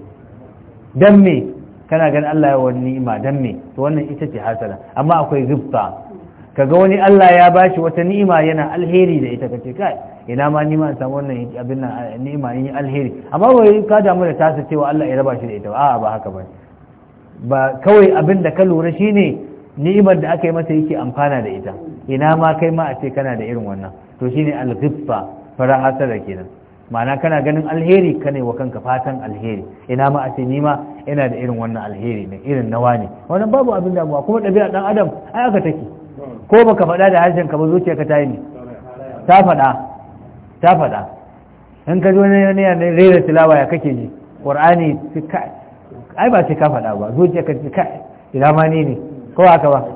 dan me kana ganin Allah ya wani ni'ima dan me to wannan ita ce hasada amma akwai zubta kaga wani Allah ya bashi wata ni'ima yana alheri da ita kace kai ina ma ni ma in samu wannan abin nan nima in yi alheri amma wai ka damu da tasa cewa Allah ya raba shi da ita a'a ba haka ba ba kawai abin da ka lura shine ni'imar da aka yi masa yake amfana da ita ina ma kai ma a ce kana da irin wannan to shine al-ghibba fara hasara kenan ma'ana kana ganin alheri ka ne wa kanka fatan alheri ina ma a ce ni ma ina da irin wannan alheri ne irin nawa ne wannan babu abin damuwa kuma ɗabi'a ɗan adam ai aka take ko baka faɗa da harshen ka ba zuciya ka yi ne ta faɗa ta faɗa in ka zo ne ya rera tilawa ya kake ji ka ai ba sai ka faɗa ba zuciya ka ka ina ma ne ne ko haka ba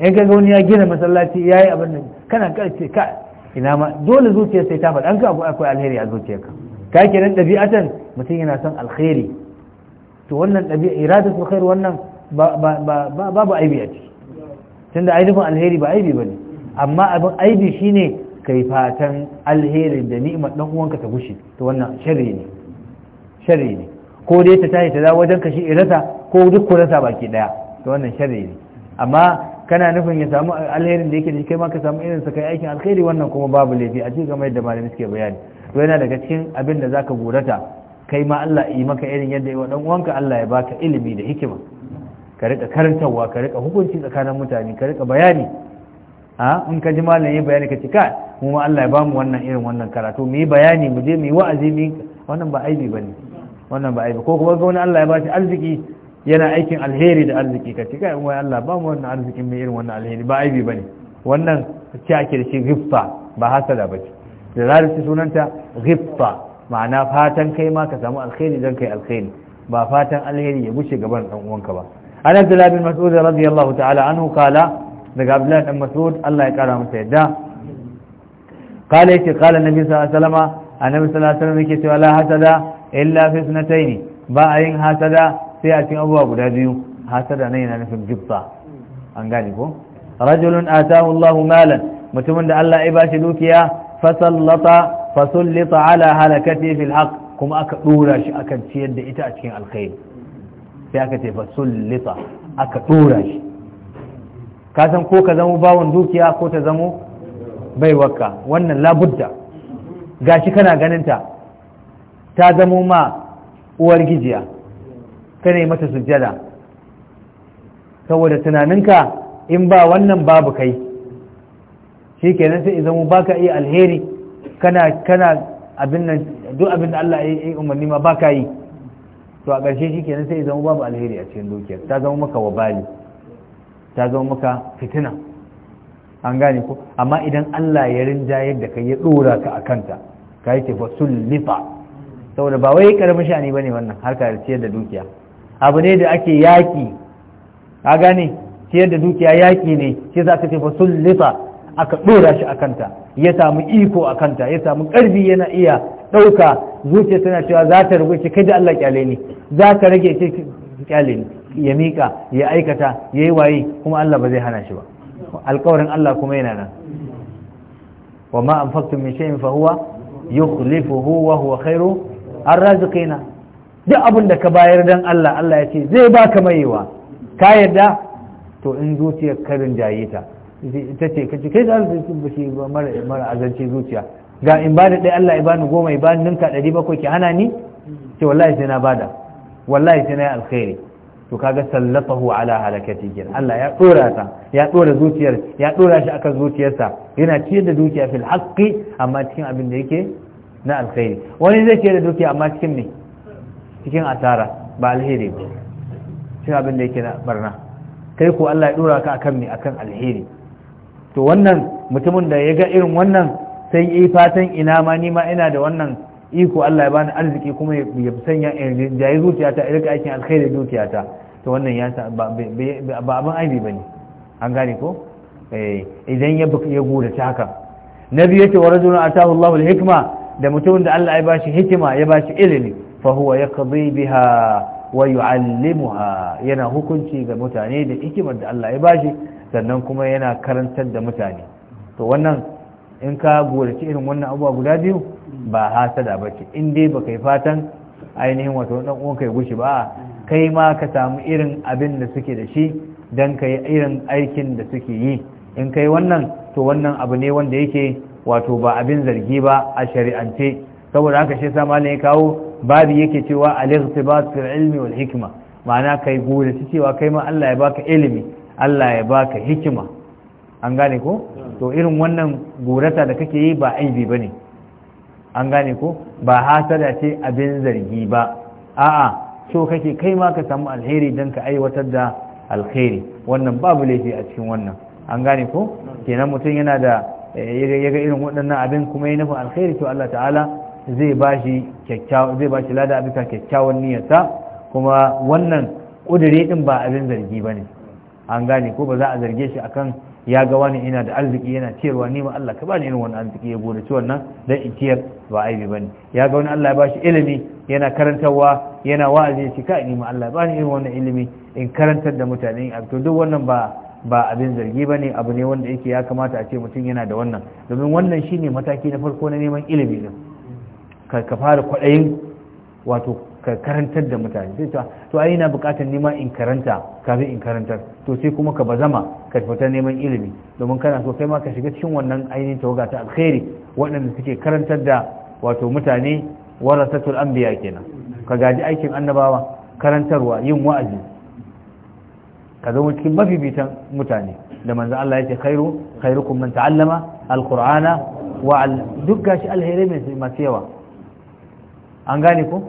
in ka zo ya gina masallaci ya yi abin nan kana ce ka ina ma dole zuciya sai ta faɗa an ka akwai alheri a zuciyarka ka nan ɗabi'atan mutum yana son alheri to wannan ɗabi'a iradatul khair wannan babu aibi a ciki tunda ainihin alheri ba aibi ba ne amma abin aibi shine kai fatan alherin da ni'imar dan uwanka ta gushe to wannan sharri ne sharri ne ko dai ta tashi ta za wajen ka shi irasa ko duk ku rasa baki ɗaya, to wannan sharri ne amma kana nufin ya samu alherin da yake da kai ma ka samu irin sa kai aikin alheri wannan kuma babu laifi a cikin kamar da malami suke bayani to yana daga cikin abin da zaka gurata kai ma Allah yi maka irin yadda yi ɗan uwanka Allah ya baka ilimi da hikima ka rika karantawa ka rika hukunci tsakanin mutane ka rika bayani a in ka ji malam yi bayani ka ce kai mu ma Allah ya ba mu wannan irin wannan karatu mu yi bayani mu je mu yi wa'azi mu wannan ba aibi bane wannan ba aibi ko kuma ga wani Allah ya ba shi arziki yana aikin alheri da arziki ka ce kai wai Allah ba mu wannan arzikin mu irin wannan alheri ba aibi bane wannan ce ake da shi ghiffa ba hasada bace da larabci sunanta ghiffa ma'ana fatan kai ma ka samu alheri dan kai alheri ba fatan alheri ya gushe gaban dan uwanka ba an Abdullah bin Mas'ud radiyallahu ta'ala anhu kala daga abdullahi dan mas'ud Allah ya kara masa yadda kala yake kala nabi sallallahu alaihi wasallam annabi sallallahu alaihi wasallam yake cewa la hasada illa fi sunatayn ba a yin hasada sai a cikin abubuwa guda biyu hasada ne yana nufin gibba an gane ko rajulun atahu Allahu malan mutumin da Allah ya bashi dukiya fasallata fasallata ala halakati fil haqq kuma aka shi akan da ita a cikin alkhairi sai aka ce aka shi ka san ko ka zama bawon dukiya ko ta zamo baiwarka wannan labudda gashi kana ganinta ta zama ma uwar gijiya kana yi mata sujjada saboda tunaninka in ba wannan babu kai shi kenan sai zamo ba ka iya alheri kana kana duk abin da Allah ya yi umarni ma ba yi to a ƙarshe shi kenan sai zama babu alheri a cikin dukiyar ta zama maka wabali ta zama maka fitina an gane ko amma idan Allah ya rinja yadda kai ya dora ka akanta ka yi tafasul lifa saboda ba wai karamin sha'ani bane wannan da ciyar da dukiya abu ne da ake yaki ka gane ciyar da dukiya yaki ne shi za ka tafasul lifa aka dora shi kanta ya samu iko kanta ya samu karfi yana iya dauka zuciya tana cewa za ta rubuce kai da Allah kyale ne za ka rage kyale ne ya miƙa ya aikata ya yi waye kuma Allah ba zai hana shi ba alƙawarin Allah kuma yana nan wa ma anfaqtum min shay'in fa huwa yukhlifuhu wa huwa khairu arraziqina duk abin da ka bayar dan Allah Allah ya ce zai baka maiwa ka yadda to in zuciyar karin jaye ta ita ce kace kai da arziki ba mara mara azanci zuciya ga in bada dai Allah ya bani goma ya bani ninka 700 ki hana ni ce wallahi sai na bada wallahi sai na yi alkhairi to kaga sallatahu ala halakati kenan Allah ya dora ta ya dora zuciyar ya dora shi akan zuciyarsa yana ciyar da dukiya fil haqqi amma cikin abin da yake na alkhairi wani zai ciyar da dukiya amma cikin ne cikin asara ba alheri ba cikin abin da yake na barna kai ko Allah ya dora ka akan ne akan alheri to wannan mutumin da ya ga irin wannan sai yi fatan ina ma ni ma ina da wannan iko Allah ya bani arziki kuma ya sanya in jayi zuciyata in rika aikin alkhairi zuciyata to wannan ya ba abin aibi bane an gane ko eh, idan ya ya gura ta haka nabi yace wa rajulun atahu Allahu alhikma da mutumin da Allah ya bashi hikima ya bashi ilimi fa huwa yaqdi biha wa yu'allimuha yana hukunci ga mutane da hikimar da Allah ya bashi sannan kuma yana karantar da mutane to wannan in ka gorace irin wannan abubuwa guda biyu ba hasada ba ce in dai baka yi fatan ainihin wato dan uwan kai gushi ba kai ma ka samu irin abin da suke da shi dan ka yi irin aikin da suke yi in kai wannan to wannan abu ne wanda yake wato ba abin zargi ba a shari'ance saboda haka shi sama malam ya kawo babu yake cewa al-ightibat fil ilmi wal hikma ma'ana kai gode cewa kai ma Allah ya baka ilimi Allah ya baka hikima an gane ko to irin wannan gorata da kake yi ba aibi bane an gane ko ba hasada ce abin zargi ba a'a so kake kai ma ka samu alheri don ka aiwatar da alheri wannan babu laifi a cikin wannan an gane ko kenan mutum yana da eh, ya ga irin waɗannan abin kuma ya nufin alheri to Allah ta'ala zai ba shi zai ba lada abin kyakkyawan niyyarsa kuma wannan ƙudure din ba abin zargi bane an gane ko ba za a zarge shi akan ya ga wani ina da arziki yana ciyarwa ni ma Allah ka bani irin wannan arziki ya gode wannan dan in ciyar ba aibi bane ya ga wani Allah ya bashi ilimi yana karantarwa yana wa'azi shi ka ni ma Allah bani irin wannan ilimi in karantar da mutane to duk wannan ba ba abin zargi bane abu ne wanda yake ya kamata a ce mutum yana da wannan domin wannan shine mataki na farko na neman ilimi din ka fara kwaɗayin wato ka karantar da mutane sai ta to ai ina buƙatar nema in karanta kafin in karantar to sai kuma ka bazama ka fita neman ilimi domin kana so kai ma ka shiga cikin wannan ainihin tawaga ta alkhairi waɗanda suke karantar da wato mutane warasatul anbiya kenan ka gaji aikin annabawa karantarwa yin wa'azi ka zama cikin bitan mutane da manzo Allah ya ce khairu khairukum man ta'allama alqur'ana wa duk gashi alheri mai masu yawa an gane ko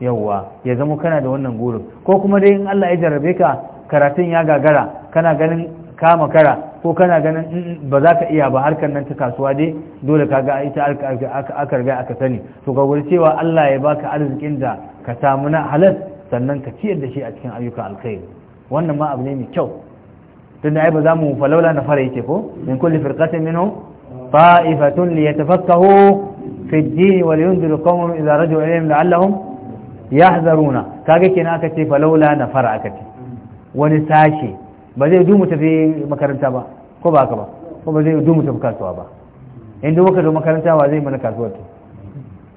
yawwa ya zama kana da wannan gurin ko kuma dai in Allah ya jarrabe ka karatun ya gagara kana ganin kama kara ko kana ganin ba za ka iya ba harkar nan ta kasuwa dai dole ka ga ita aka riga aka sani to ga cewa Allah ya baka arzikin da ka samu na halal sannan ka ciyar da shi a cikin ayyuka alkhairi wannan ma abu ne mai kyau tunda ai ba za mu falaula na fara yake ko min kulli firqatin minhum ta'ifatun liyatafaqahu fi ad-din wa liyunziru qawman idha raja'u ilayhim la'allahum Ya yahzaruna kaga kenan aka ce falaula fara aka ce wani sashe ba zai dumu tafi makaranta ba ko ba haka ba ko ba zai dumu tafi kasuwa ba in dumu ka zo makaranta wa zai mana kasuwar ta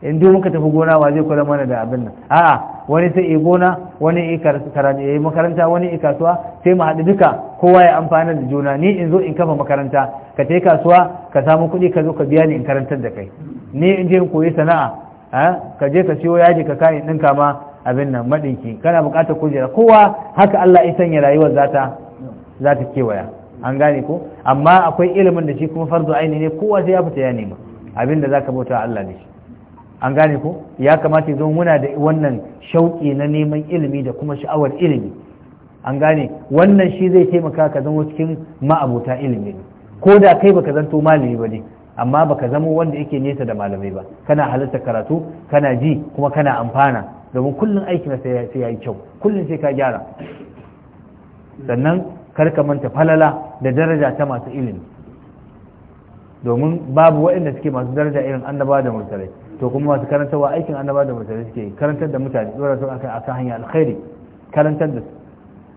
in dumu muka tafi gona wa zai kula mana da abin nan a'a wani sai gona wani yi karatu yayi makaranta wani yi kasuwa sai mu haɗu duka kowa ya amfana da juna ni in zo in kafa makaranta ka tai kasuwa ka samu kuɗi ka zo ka biya ni in karantar da kai ni in je in koyi sana'a ka je ka siyo yaji ka kayan ɗinka ma abin nan maɗinki kana bukatar kujera kowa haka Allah ya sanya rayuwar zata za ta kewaya an gane ko amma akwai ilimin da shi kuma farzu aini ne kowa sai ya fita ya nema abin da za ka bauta Allah ne an gane ko ya kamata zo muna da wannan shauƙi na neman ilimi da kuma sha'awar ilimi an gane wannan shi zai taimaka ka zama cikin ma'abota ilimi ko da kai baka zanto malami ba ne amma baka zama wanda yake nesa da malamai ba kana halarta karatu kana ji kuma kana amfana domin kullum aikin sai ya yi kyau kullum sai ka gyara sannan karka manta falala da daraja ta masu ilimi domin babu waɗanda suke masu daraja irin annaba da mutane to kuma masu karantarwa aikin annaba da mutane suke karantar da mutane dora su akan akan hanya alkhairi karantar da su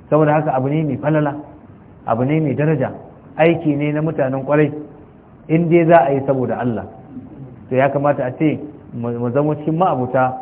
saboda haka abu ne mai falala abu ne mai daraja aiki ne na mutanen kwarai in dai za a yi saboda Allah to ya kamata a ce mu zama cikin ma'abuta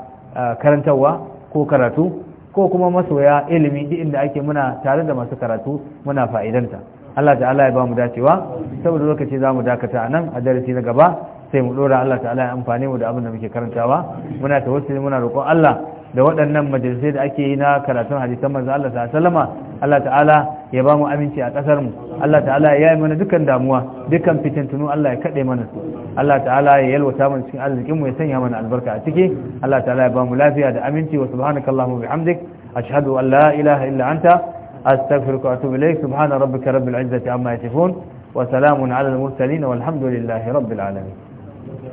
karantarwa ko karatu ko kuma masoya ilimi duk inda ake muna tare da masu karatu muna fa'idanta Allah ta'ala ya ba mu dacewa saboda lokaci za mu dakata a nan a darasi na gaba sai mu dora Allah ta'ala ya amfane mu da abin da muke karantawa muna tawassuli muna roƙon Allah da waɗannan majalisai da ake yi na karatun hadisan manzo Allah ta sallama Allah ta'ala ya ba mu aminci a ƙasar mu Allah ta'ala ya yi mana dukkan damuwa dukkan fitintunu Allah ya kaɗe mana su Allah ta'ala ya yalwata mana cikin arzikin mu ya sanya mana albarka a ciki Allah ta'ala ya ba mu lafiya da aminci wa subhanakallahumma bihamdik ashhadu an la ilaha illa anta astaghfiruka wa atubu ilayk subhana rabbika rabbil izzati amma yasifun wa salamun ala al mursalin walhamdulillahi rabbil alamin